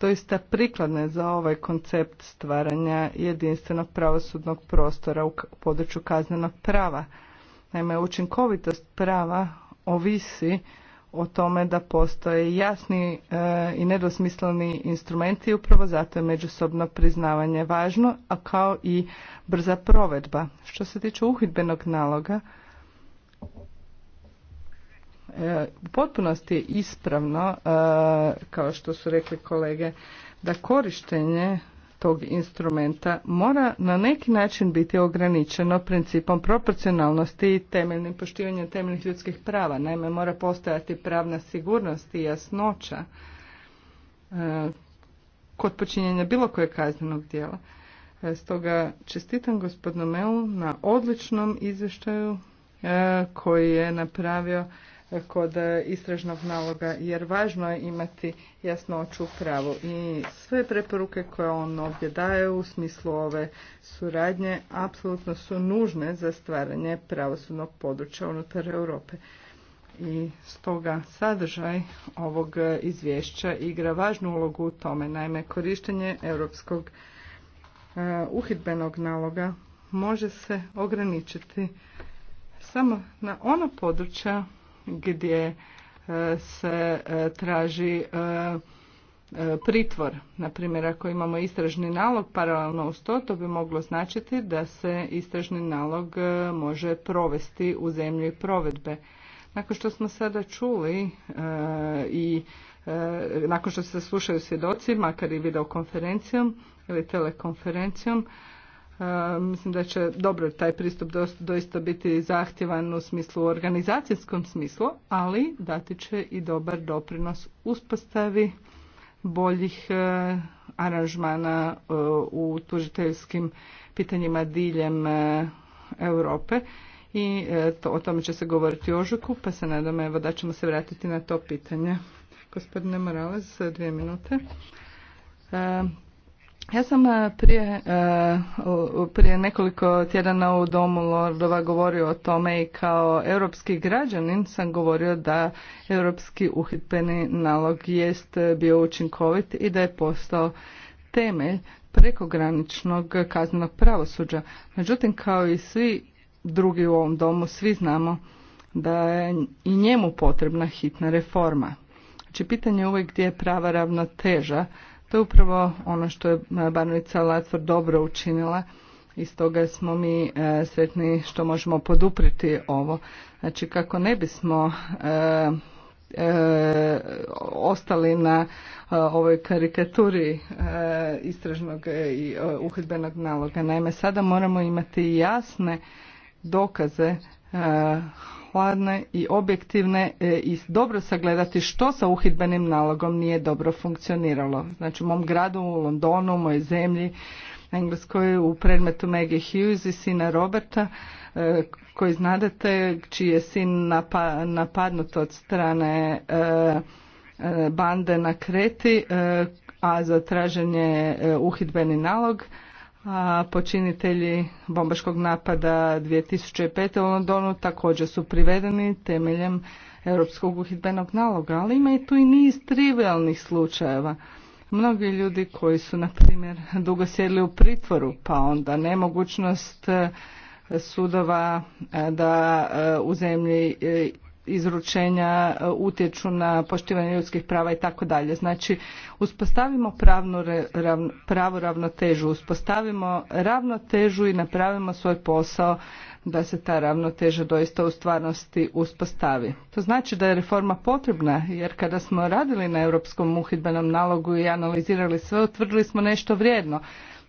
doista prikladne za ovaj koncept stvaranja jedinstvenog pravosudnog prostora u području kaznenog prava. Naime, učinkovitost prava ovisi o tome da postoje jasni e, i nedosmisleni instrumenti i upravo zato je međusobno priznavanje važno, a kao i brza provedba. Što se tiče uhidbenog naloga, e, u potpunosti je ispravno, e, kao što su rekli kolege, da korištenje tog instrumenta mora na neki način biti ograničeno principom proporcionalnosti i temeljnim poštivanjem temeljnih ljudskih prava. Naime, mora postojati pravna sigurnost i jasnoća e, kod počinjenja bilo koje kaznenog djela. E, stoga čestitam gospodinu Melu na odličnom izvještaju e, koji je napravio kod istražnog naloga jer važno je imati jasnoću pravu i sve preporuke koje on ovdje daje u smislu ove suradnje apsolutno su nužne za stvaranje pravosudnog područja unutar Europe. I stoga sadržaj ovog izvješća igra važnu ulogu u tome, naime korištenje europskog e, uhidbenog naloga može se ograničiti samo na ono područja gdje e, se e, traži e, pritvor. Na ako imamo istražni nalog paralelno uz to, to bi moglo značiti da se istražni nalog može provesti u zemlji provedbe. Nakon što smo sada čuli i nakon što se slušaju svjedoci, makar i videokonferencijom ili telekonferencijom, mislim da će dobro taj pristup doista biti zahtjevan u smislu u organizacijskom smislu, ali dati će i dobar doprinos uspostavi boljih e, aranžmana e, u tužiteljskim pitanjima diljem e, Europe i to, o tome će se govoriti ožuku, pa se nadam evo da ćemo se vratiti na to pitanje. Gospodine Morales, dvije minute. Ja sam e, prije, e, prije nekoliko tjedana u Domu Lordova govorio o tome i kao europski građanin sam govorio da europski uhitbeni nalog jest bio učinkovit i da je postao temelj prekograničnog kaznenog pravosuđa. Međutim, kao i svi drugi u ovom domu, svi znamo da je i njemu potrebna hitna reforma. Znači, pitanje je uvijek gdje je prava ravnoteža to je upravo ono što je e, Barnica Latvor dobro učinila i stoga smo mi e, sretni što možemo podupriti ovo. Znači kako ne bismo e, ostali na ovoj karikaturi e, istražnog i uhidbenog naloga. Naime, sada moramo imati jasne dokaze hladne i objektivne e, i dobro sagledati što sa uhidbenim nalogom nije dobro funkcioniralo. Znači u mom gradu, u Londonu, u mojoj zemlji, Engleskoj u predmetu Maggie Hughes i sina Roberta e, koji znadete čiji je sin napadnut od strane e, bande na Kreti a za traženje uhidbeni nalog a počinitelji bombaškog napada 2005. u Londonu također su privedeni temeljem europskog uhidbenog naloga, ali ima i tu i niz trivialnih slučajeva. Mnogi ljudi koji su, na primjer, dugo sjedli u pritvoru, pa onda nemogućnost e, sudova e, da e, u zemlji izručenja e, utječu na poštivanje ljudskih prava i tako dalje. Znači, uspostavimo pravnu, pravu ravnotežu, uspostavimo ravnotežu i napravimo svoj posao da se ta ravnoteža doista u stvarnosti uspostavi. To znači da je reforma potrebna, jer kada smo radili na europskom uhidbenom nalogu i analizirali sve, utvrdili smo nešto vrijedno.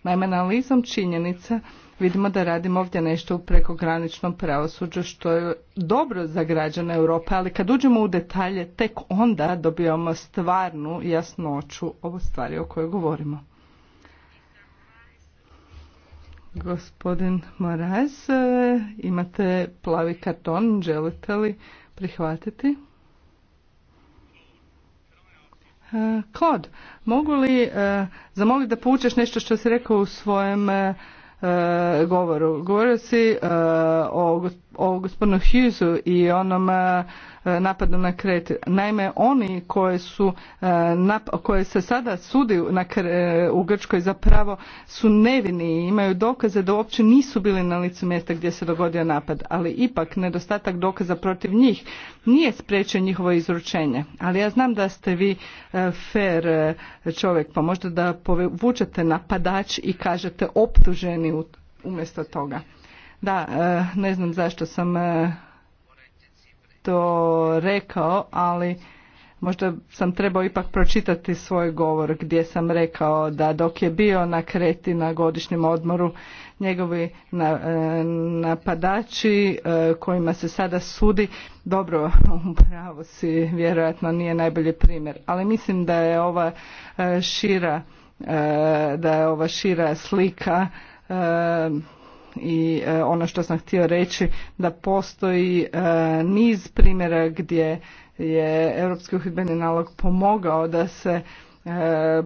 Naime, analizom činjenica vidimo da radimo ovdje nešto u prekograničnom pravosuđu što je dobro za građane Europe, ali kad uđemo u detalje tek onda dobijamo stvarnu jasnoću ovo stvari o kojoj govorimo. Gospodin Moraz, e, imate plavi karton, želite li prihvatiti? Klod, e, mogu li e, zamoliti da poučeš nešto što si rekao u svojem E, govoru. Govorio si e, o, gospodinu Hughesu i onom e, napadom na Kret. Naime, oni koje, su, e, koje se sada sudi e, u Grčkoj zapravo su nevini i imaju dokaze da uopće nisu bili na licu mjesta gdje se dogodio napad, ali ipak nedostatak dokaza protiv njih nije spriječio njihovo izručenje. Ali ja znam da ste vi e, fer čovjek, pa možda da povučete napadač i kažete optuženi umjesto toga. Da, ne znam zašto sam to rekao, ali možda sam trebao ipak pročitati svoj govor gdje sam rekao da dok je bio na Kreti na godišnjem odmoru njegovi e, napadači e, kojima se sada sudi dobro upravo si vjerojatno nije najbolji primjer ali mislim da je ova e, šira da je ova šira slika i e, ono što sam htio reći da postoji e, niz primjera gdje je europski uhidbeni nalog pomogao da se e,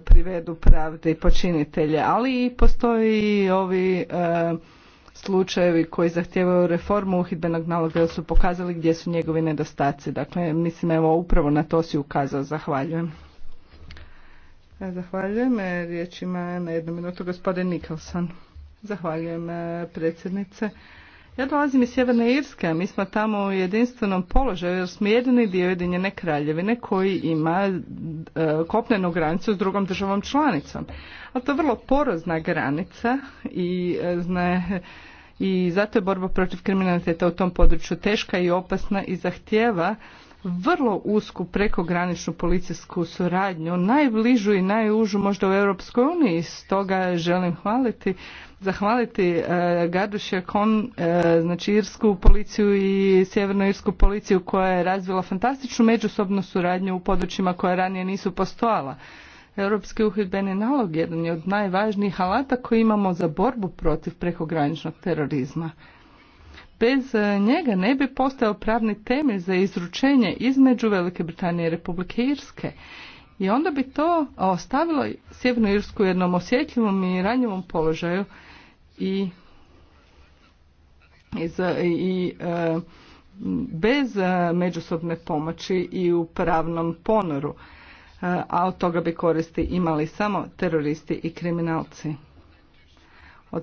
privedu pravde i počinitelje ali i postoji ovi slučajevi koji zahtijevaju reformu uhidbenog naloga jer su pokazali gdje su njegovi nedostaci dakle mislim evo upravo na to si ukazao zahvaljujem Zahvaljujem. Riječ ima na jednu minutu gospodin Nikolson. Zahvaljujem e, predsjednice. Ja dolazim iz Sjeverne Irske, a mi smo tamo u jedinstvenom položaju jer smo jedini dio jedinjene kraljevine koji ima e, kopnenu granicu s drugom državom članicom. Ali to je vrlo porozna granica i, e, zna, i zato je borba protiv kriminaliteta u tom području teška i opasna i zahtjeva vrlo usku prekograničnu policijsku suradnju, najbližu i najužu možda u Europskoj uniji. Stoga želim hvaliti zahvaliti e, kon e, znači irsku policiju i Sjeverno-Irsku policiju koja je razvila fantastičnu međusobnu suradnju u područjima koja ranije nisu postojala. Europski uhidbeni nalog jedan je od najvažnijih alata koji imamo za borbu protiv prekograničnog terorizma. Bez e, njega ne bi postao pravni temelj za izručenje između Velike Britanije i Republike Irske. I onda bi to ostavilo Sjevernu Irsku u jednom osjetljivom i ranjivom položaju i i e, bez e, međusobne pomoći i u pravnom ponoru, e, a od toga bi koristi imali samo teroristi i kriminalci.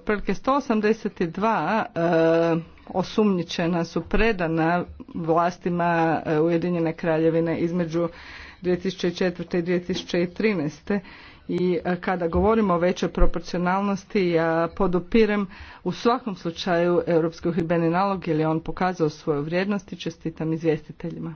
prilike 182 osumnjičena su predana vlastima Ujedinjene kraljevine između 2004. i 2013 i e, kada govorimo o većoj proporcionalnosti ja podupirem u svakom slučaju Europski uhidbeni nalog jer je on pokazao svoju vrijednost i čestitam izvjestiteljima.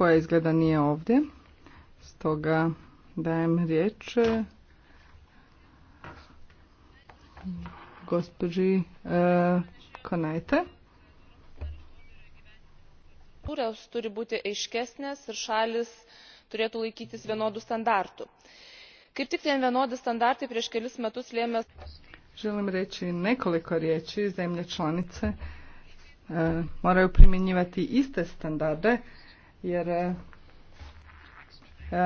koja izgleda nije ovdje. Stoga dajem riječ e, gospođi e, Konajte. Kurios turi būti aiškesnės ir šalis turėtų laikytis vienodų standartų. Kaip tik ten vienodi standartai prieš kelis metus lėmė... Želim reći nekoliko riječi zemlje članice e, moraju primjenjivati iste standarde jer e, e,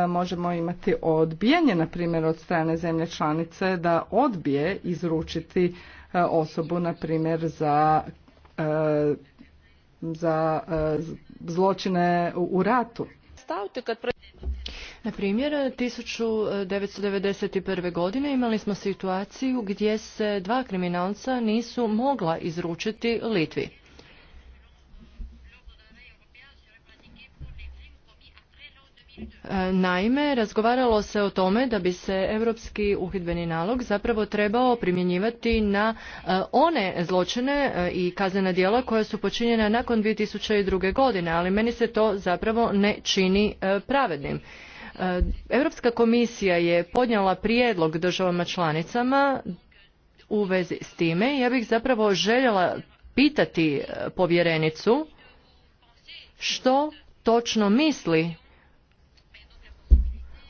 možemo imati odbijanje, na primjer, od strane zemlje članice da odbije izručiti e, osobu, na primjer, za, za zločine u ratu. Na primjer, 1991. godine imali smo situaciju gdje se dva kriminalca nisu mogla izručiti Litvi. E, naime, razgovaralo se o tome da bi se europski uhidbeni nalog zapravo trebao primjenjivati na e, one zločine e, i kaznena djela koja su počinjena nakon 2002. godine, ali meni se to zapravo ne čini pravednim. Europska komisija je podnijela prijedlog državama članicama u vezi s time. Ja bih zapravo željela pitati povjerenicu što točno misli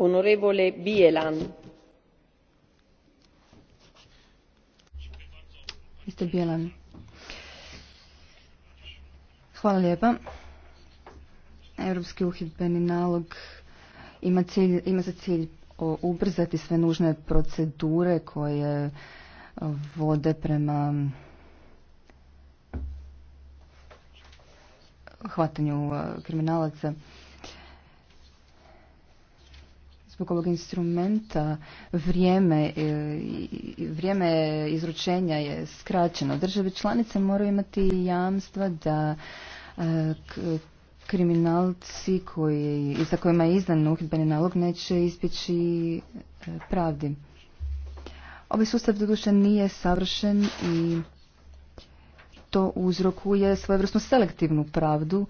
Onorevole Europski uhidbeni nalog ima, ima za cilj ubrzati sve nužne procedure koje vode prema hvatanju uh, kriminalaca zbog ovog instrumenta vrijeme, e, vrijeme izručenja je skraćeno. Države članice moraju imati jamstva da e, kriminalci koji, za kojima je izdan uhidbeni nalog neće izbjeći e, pravdi. Ovaj sustav doduše nije savršen i to uzrokuje svojevrsnu selektivnu pravdu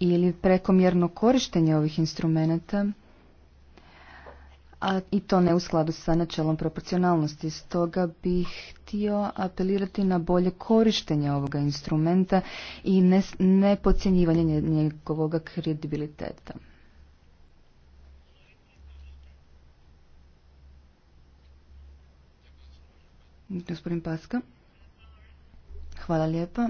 ili prekomjerno korištenje ovih instrumenata a i to ne u skladu sa načelom proporcionalnosti. Stoga bih htio apelirati na bolje korištenje ovoga instrumenta i ne, ne podcjenjivanje kredibiliteta. Gospodin Paska. Hvala lijepa.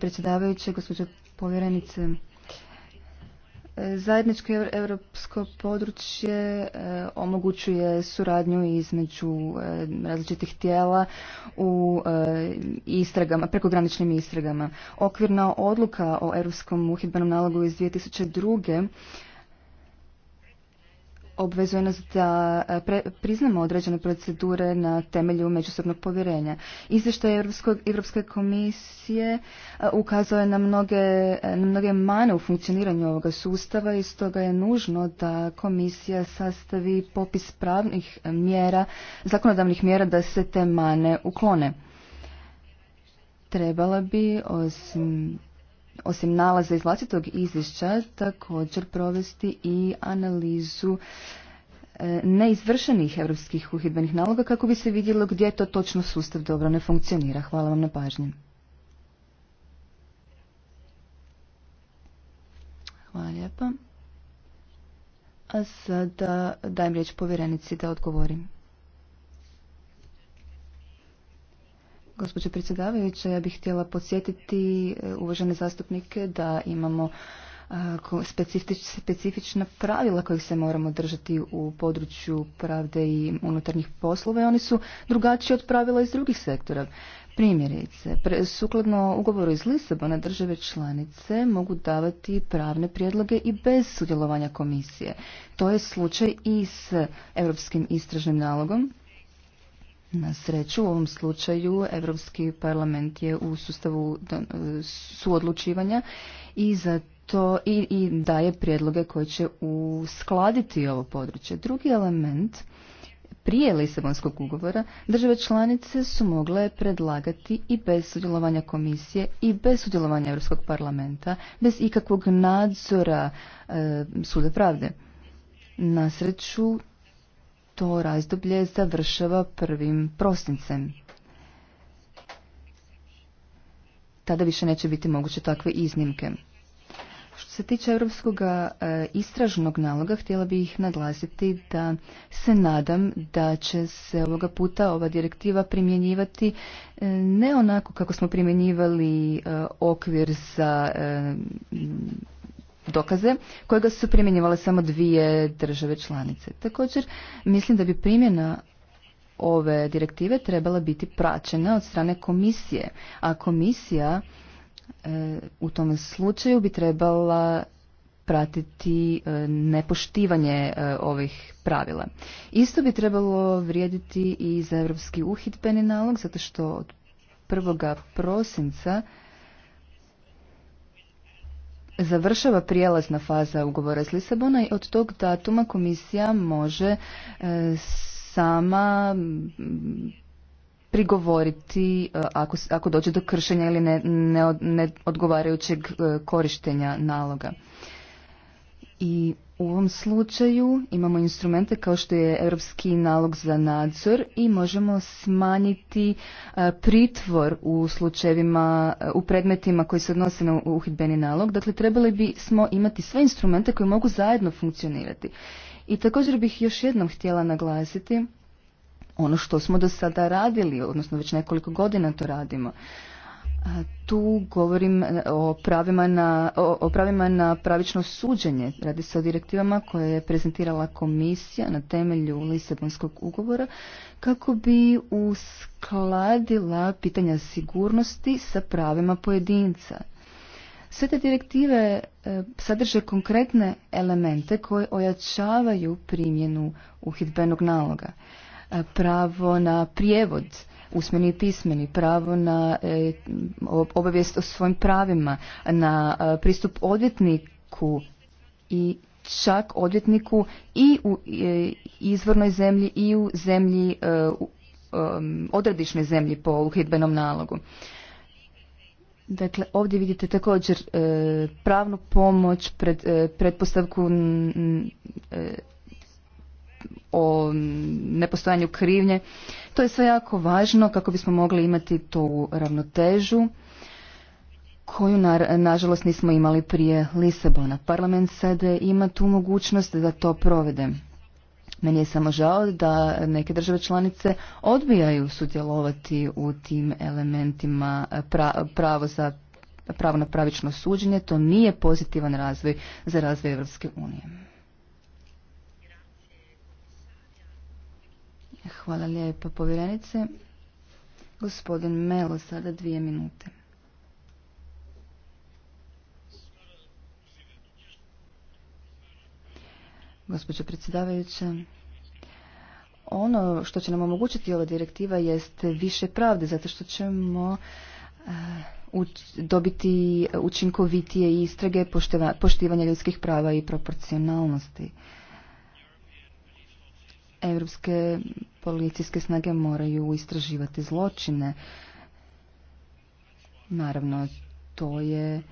predsjedavajuće, gospođo povjerenice, Zajedničko europsko područje e, omogućuje suradnju između e, različitih tijela u e, istragama, prekograničnim istragama. Okvirna odluka o europskom uhidbenom nalogu iz 2002 obvezuje nas da e, priznamo određene procedure na temelju međusobnog povjerenja. Izvještaj Europske komisije e, ukazuje na mnoge, e, na mnoge mane u funkcioniranju ovoga sustava i stoga je nužno da komisija sastavi popis pravnih mjera, zakonodavnih mjera da se te mane uklone. Trebala bi osim osim nalaza iz vlastitog izvješća također provesti i analizu e, neizvršenih europskih uhidbenih naloga kako bi se vidjelo gdje to točno sustav dobro ne funkcionira. Hvala vam na pažnji. Hvala lijepa. A sada dajem riječ povjerenici da odgovorim. Gospođo predsjedavajuća, ja bih htjela podsjetiti e, uvažene zastupnike da imamo e, specifična pravila kojih se moramo držati u području pravde i unutarnjih poslova i oni su drugačiji od pravila iz drugih sektora. Primjerice, sukladno ugovoru iz Lisabona države članice mogu davati pravne prijedloge i bez sudjelovanja komisije. To je slučaj i s europskim istražnim nalogom na sreću u ovom slučaju Europski parlament je u sustavu suodlučivanja i za to i, i daje prijedloge koje će uskladiti ovo područje. Drugi element prije Lisabonskog ugovora države članice su mogle predlagati i bez sudjelovanja komisije i bez sudjelovanja Europskog parlamenta, bez ikakvog nadzora e, suda pravde. Na sreću to razdoblje završava prvim prosincem. Tada više neće biti moguće takve iznimke. Što se tiče europskog e, istražnog naloga, htjela bih naglasiti da se nadam da će se ovoga puta ova direktiva primjenjivati e, ne onako kako smo primjenjivali e, okvir za dokaze kojega su primjenjivale samo dvije države članice. Također, mislim da bi primjena ove direktive trebala biti praćena od strane komisije, a komisija e, u tom slučaju bi trebala pratiti e, nepoštivanje e, ovih pravila. Isto bi trebalo vrijediti i za europski uhitbeni nalog, zato što od 1. prosinca završava prijelazna faza ugovora s Lisabona i od tog datuma komisija može e, sama prigovoriti e, ako, dođe do kršenja ili neodgovarajućeg ne, odgovarajućeg e, korištenja naloga. I u ovom slučaju imamo instrumente kao što je europski nalog za nadzor i možemo smanjiti e, pritvor u slučajevima, e, u predmetima koji se odnose na uhidbeni nalog. Dakle, trebali bismo imati sve instrumente koji mogu zajedno funkcionirati. I također bih još jednom htjela naglasiti ono što smo do sada radili, odnosno već nekoliko godina to radimo. Tu govorim e, o pravima na, o, pravima na pravično suđenje. Radi se o direktivama koje je prezentirala komisija na temelju Lisabonskog ugovora kako bi uskladila pitanja sigurnosti sa pravima pojedinca. Sve te direktive e, sadrže konkretne elemente koje ojačavaju primjenu uhidbenog naloga. E, pravo na prijevod, usmeni i pismeni, pravo na e, obavijest o svojim pravima, na e, pristup odvjetniku i čak odvjetniku i u e, izvornoj zemlji i u zemlji u zemlji po uhidbenom nalogu. Dakle, ovdje vidite također pravnu pomoć, pred, pretpostavku o nepostojanju krivnje. To je sve jako važno kako bismo mogli imati tu ravnotežu koju nažalost nismo imali prije Lisabona. Parlament sada ima tu mogućnost da to provede. Meni je samo žao da neke države članice odbijaju sudjelovati u tim elementima pravo za pravo na pravično suđenje. To nije pozitivan razvoj za razvoj Evropske unije. Hvala lijepa povjerenice. Gospodin Melo, sada dvije minute. Gospođo predsjedavajuća, ono što će nam omogućiti ova direktiva jest više pravde, zato što ćemo eh, dobiti učinkovitije istrage, poštivanja ljudskih prava i proporcionalnosti. Europske policijske snage moraju istraživati zločine. Naravno, to je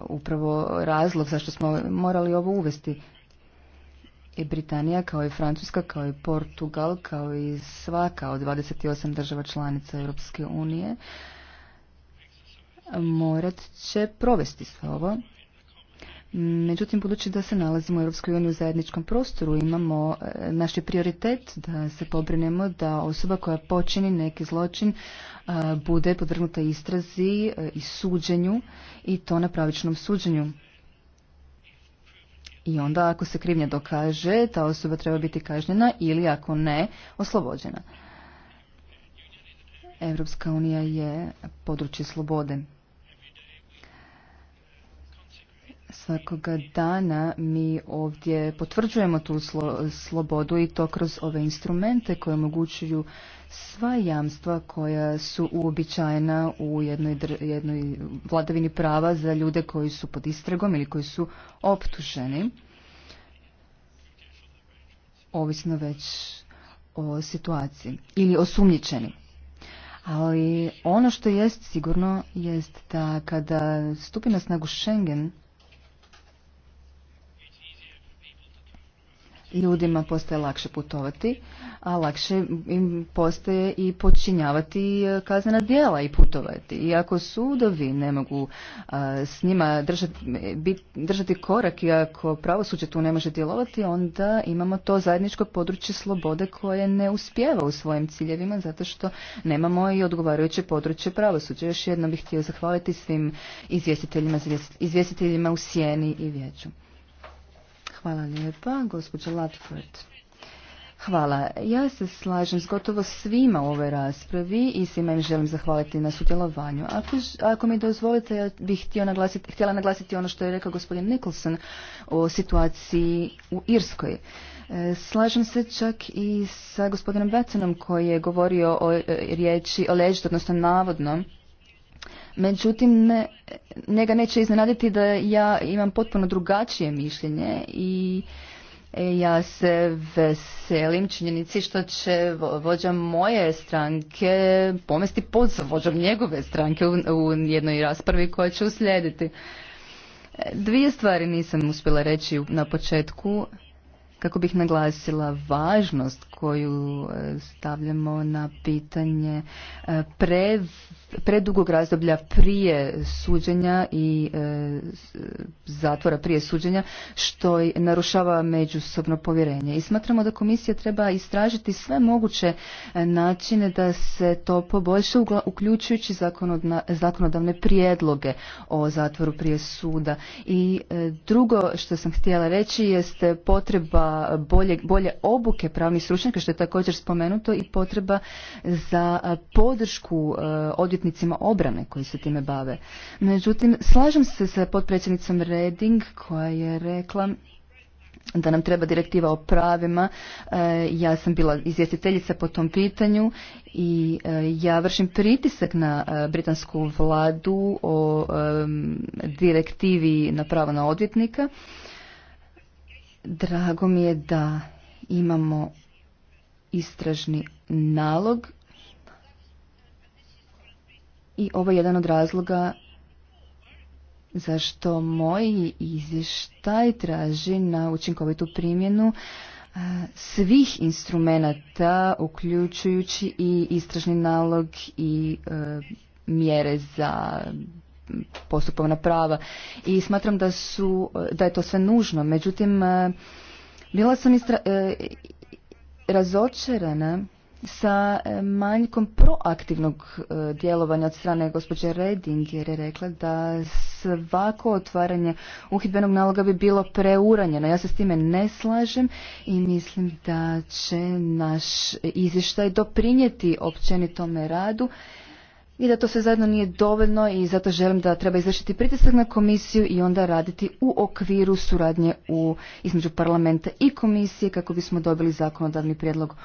upravo razlog zašto smo morali ovo uvesti. I Britanija, kao i Francuska, kao i Portugal, kao i svaka od 28 država članica Europske unije, morat će provesti sve ovo Međutim, budući da se nalazimo u EU u zajedničkom prostoru, imamo e, naš je prioritet da se pobrinemo da osoba koja počini neki zločin e, bude podvrgnuta istrazi e, i suđenju i to na pravičnom suđenju. I onda ako se krivnja dokaže, ta osoba treba biti kažnjena ili ako ne, oslobođena. Europska unija je područje slobode. Svakoga dana mi ovdje potvrđujemo tu slobodu i to kroz ove instrumente koje omogućuju sva jamstva koja su uobičajena u jednoj, jednoj vladavini prava za ljude koji su pod istragom ili koji su optuženi. Ovisno već o situaciji ili osumnjičeni. Ali ono što jest sigurno jest da kada stupi na snagu Schengen, ljudima postaje lakše putovati, a lakše im postaje i počinjavati e, kaznena djela i putovati. I ako sudovi ne mogu e, s njima držati, držati korak i ako pravosuđe tu ne može djelovati, onda imamo to zajedničko područje slobode koje ne uspjeva u svojim ciljevima zato što nemamo i odgovarajuće područje pravosuđa. Još jednom bih htio zahvaliti svim izvjestiteljima, izvjestiteljima u Sjeni i Vijeću. Hvala lijepa, gospođa Latford. Hvala. Ja se slažem s gotovo svima u ovoj raspravi i svima im želim zahvaliti na sudjelovanju. Ako, ako mi dozvolite, ja bih naglasiti, htjela naglasiti ono što je rekao gospodin Nicholson o situaciji u Irskoj. E, slažem se čak i sa gospodinom Betenom koji je govorio o e, riječi, o leđu, odnosno navodnom Međutim, ne, njega neće iznenaditi da ja imam potpuno drugačije mišljenje i e, ja se veselim činjenici što će vođa moje stranke pomesti pod sa vođom njegove stranke u, jednoj raspravi koja će uslijediti. E, dvije stvari nisam uspjela reći na početku kako bih naglasila važnost koju e, stavljamo na pitanje prev predugog razdoblja prije suđenja i e, zatvora prije suđenja što narušava međusobno povjerenje. I smatramo da komisija treba istražiti sve moguće e, načine da se to poboljša uključujući zakonodavne prijedloge o zatvoru prije suda. I e, drugo što sam htjela reći jeste potreba bolje, obuke pravnih stručnjaka što je također spomenuto i potreba za podršku odvjetnicima obrane koji se time bave. Međutim, slažem se sa potpredsjednicom Reding koja je rekla da nam treba direktiva o pravima. E, ja sam bila izvjestiteljica po tom pitanju i e, ja vršim pritisak na e, britansku vladu o direktivi na pravo na odvjetnika. Drago mi je da imamo istražni nalog i ovo je jedan od razloga zašto moj izvještaj traži na učinkovitu primjenu svih instrumenata, uključujući i istražni nalog i e, mjere za postupovna prava. I smatram da, su, da je to sve nužno. Međutim, e, bila sam e, razočarana sa e, manjkom proaktivnog e, djelovanja od strane gospođe Reding je rekla da svako otvaranje uhidbenog naloga bi bilo preuranjeno. Ja se s time ne slažem i mislim da će naš izvještaj doprinijeti općenitome radu i da to sve zajedno nije dovoljno i zato želim da treba izvršiti pritisak na komisiju i onda raditi u okviru suradnje u, između parlamenta i komisije kako bismo dobili zakonodavni prijedlog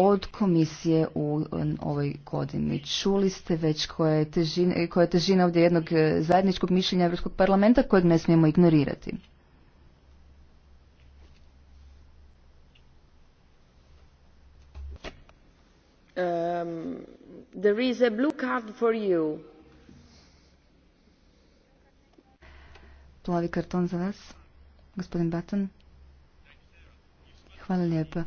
od komisije u ovoj godini. Čuli ste već koja je težina, koja je težina ovdje jednog e, zajedničkog mišljenja Evropskog parlamenta kojeg ne smijemo ignorirati. Um, there is a blue card for you. Plavi karton za vas, gospodin Baton. Hvala lijepa.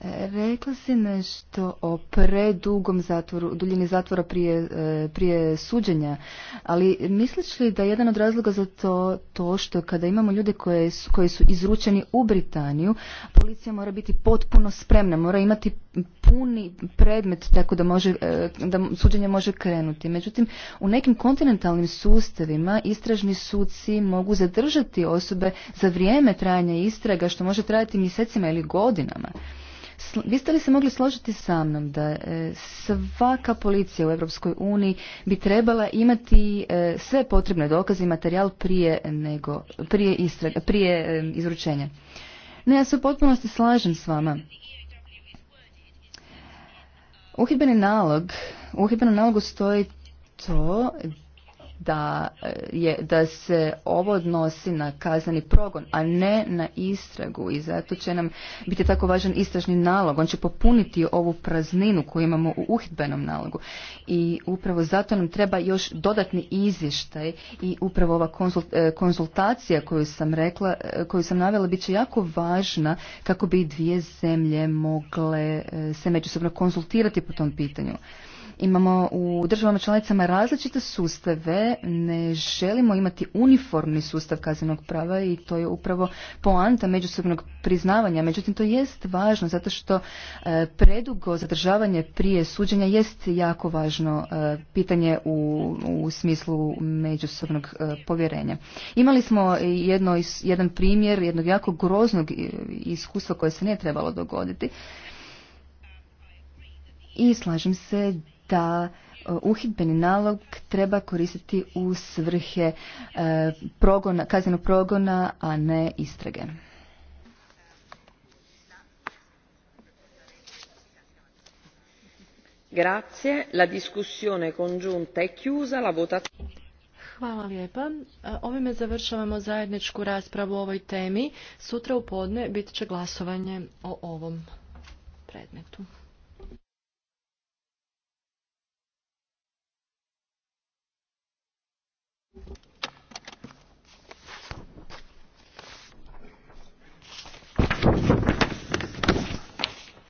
Rekla si nešto o predugom zatvoru, duljini zatvora prije, e, prije suđenja, ali misliš li da je jedan od razloga za to to što kada imamo ljude koje su, koji su izručeni u Britaniju, policija mora biti potpuno spremna, mora imati puni predmet tako da, može, e, da suđenje može krenuti. Međutim, u nekim kontinentalnim sustavima istražni suci mogu zadržati osobe za vrijeme trajanja istraga što može trajati mjesecima ili godinama. Biste li se mogli složiti sa mnom da e, svaka policija u Europskoj uniji bi trebala imati e, sve potrebne dokaze i materijal prije, nego, prije, prije e, izručenja? Ne, ja se u potpunosti slažem s vama. Uhidbeni nalog, u nalog nalogu stoji to da, e, je, da se ovo odnosi na kazneni progon, a ne na istragu i zato će nam biti tako važan istražni nalog. On će popuniti ovu prazninu koju imamo u uhidbenom nalogu i upravo zato nam treba još dodatni izvještaj i upravo ova e, konzultacija koju sam rekla, e, koju sam navela bit će jako važna kako bi dvije zemlje mogle se međusobno konsultirati po tom pitanju. Imamo u državama članicama različite sustave, ne želimo imati uniformni sustav kaznenog prava i to je upravo poanta međusobnog priznavanja. Međutim, to jest važno zato što e, predugo zadržavanje prije suđenja jest jako važno e, pitanje u, u smislu međusobnog e, povjerenja. Imali smo jedno, jedan primjer jednog jako groznog iskustva koje se nije trebalo dogoditi i slažem se da e, uhidbeni nalog treba koristiti u svrhe e, progona, kaznenog progona, a ne istrage. Grazie, la discussione congiunta è chiusa, la votazione. Hvala lijepa. E, ovime završavamo zajedničku raspravu o ovoj temi. Sutra u podne bit će glasovanje o ovom predmetu.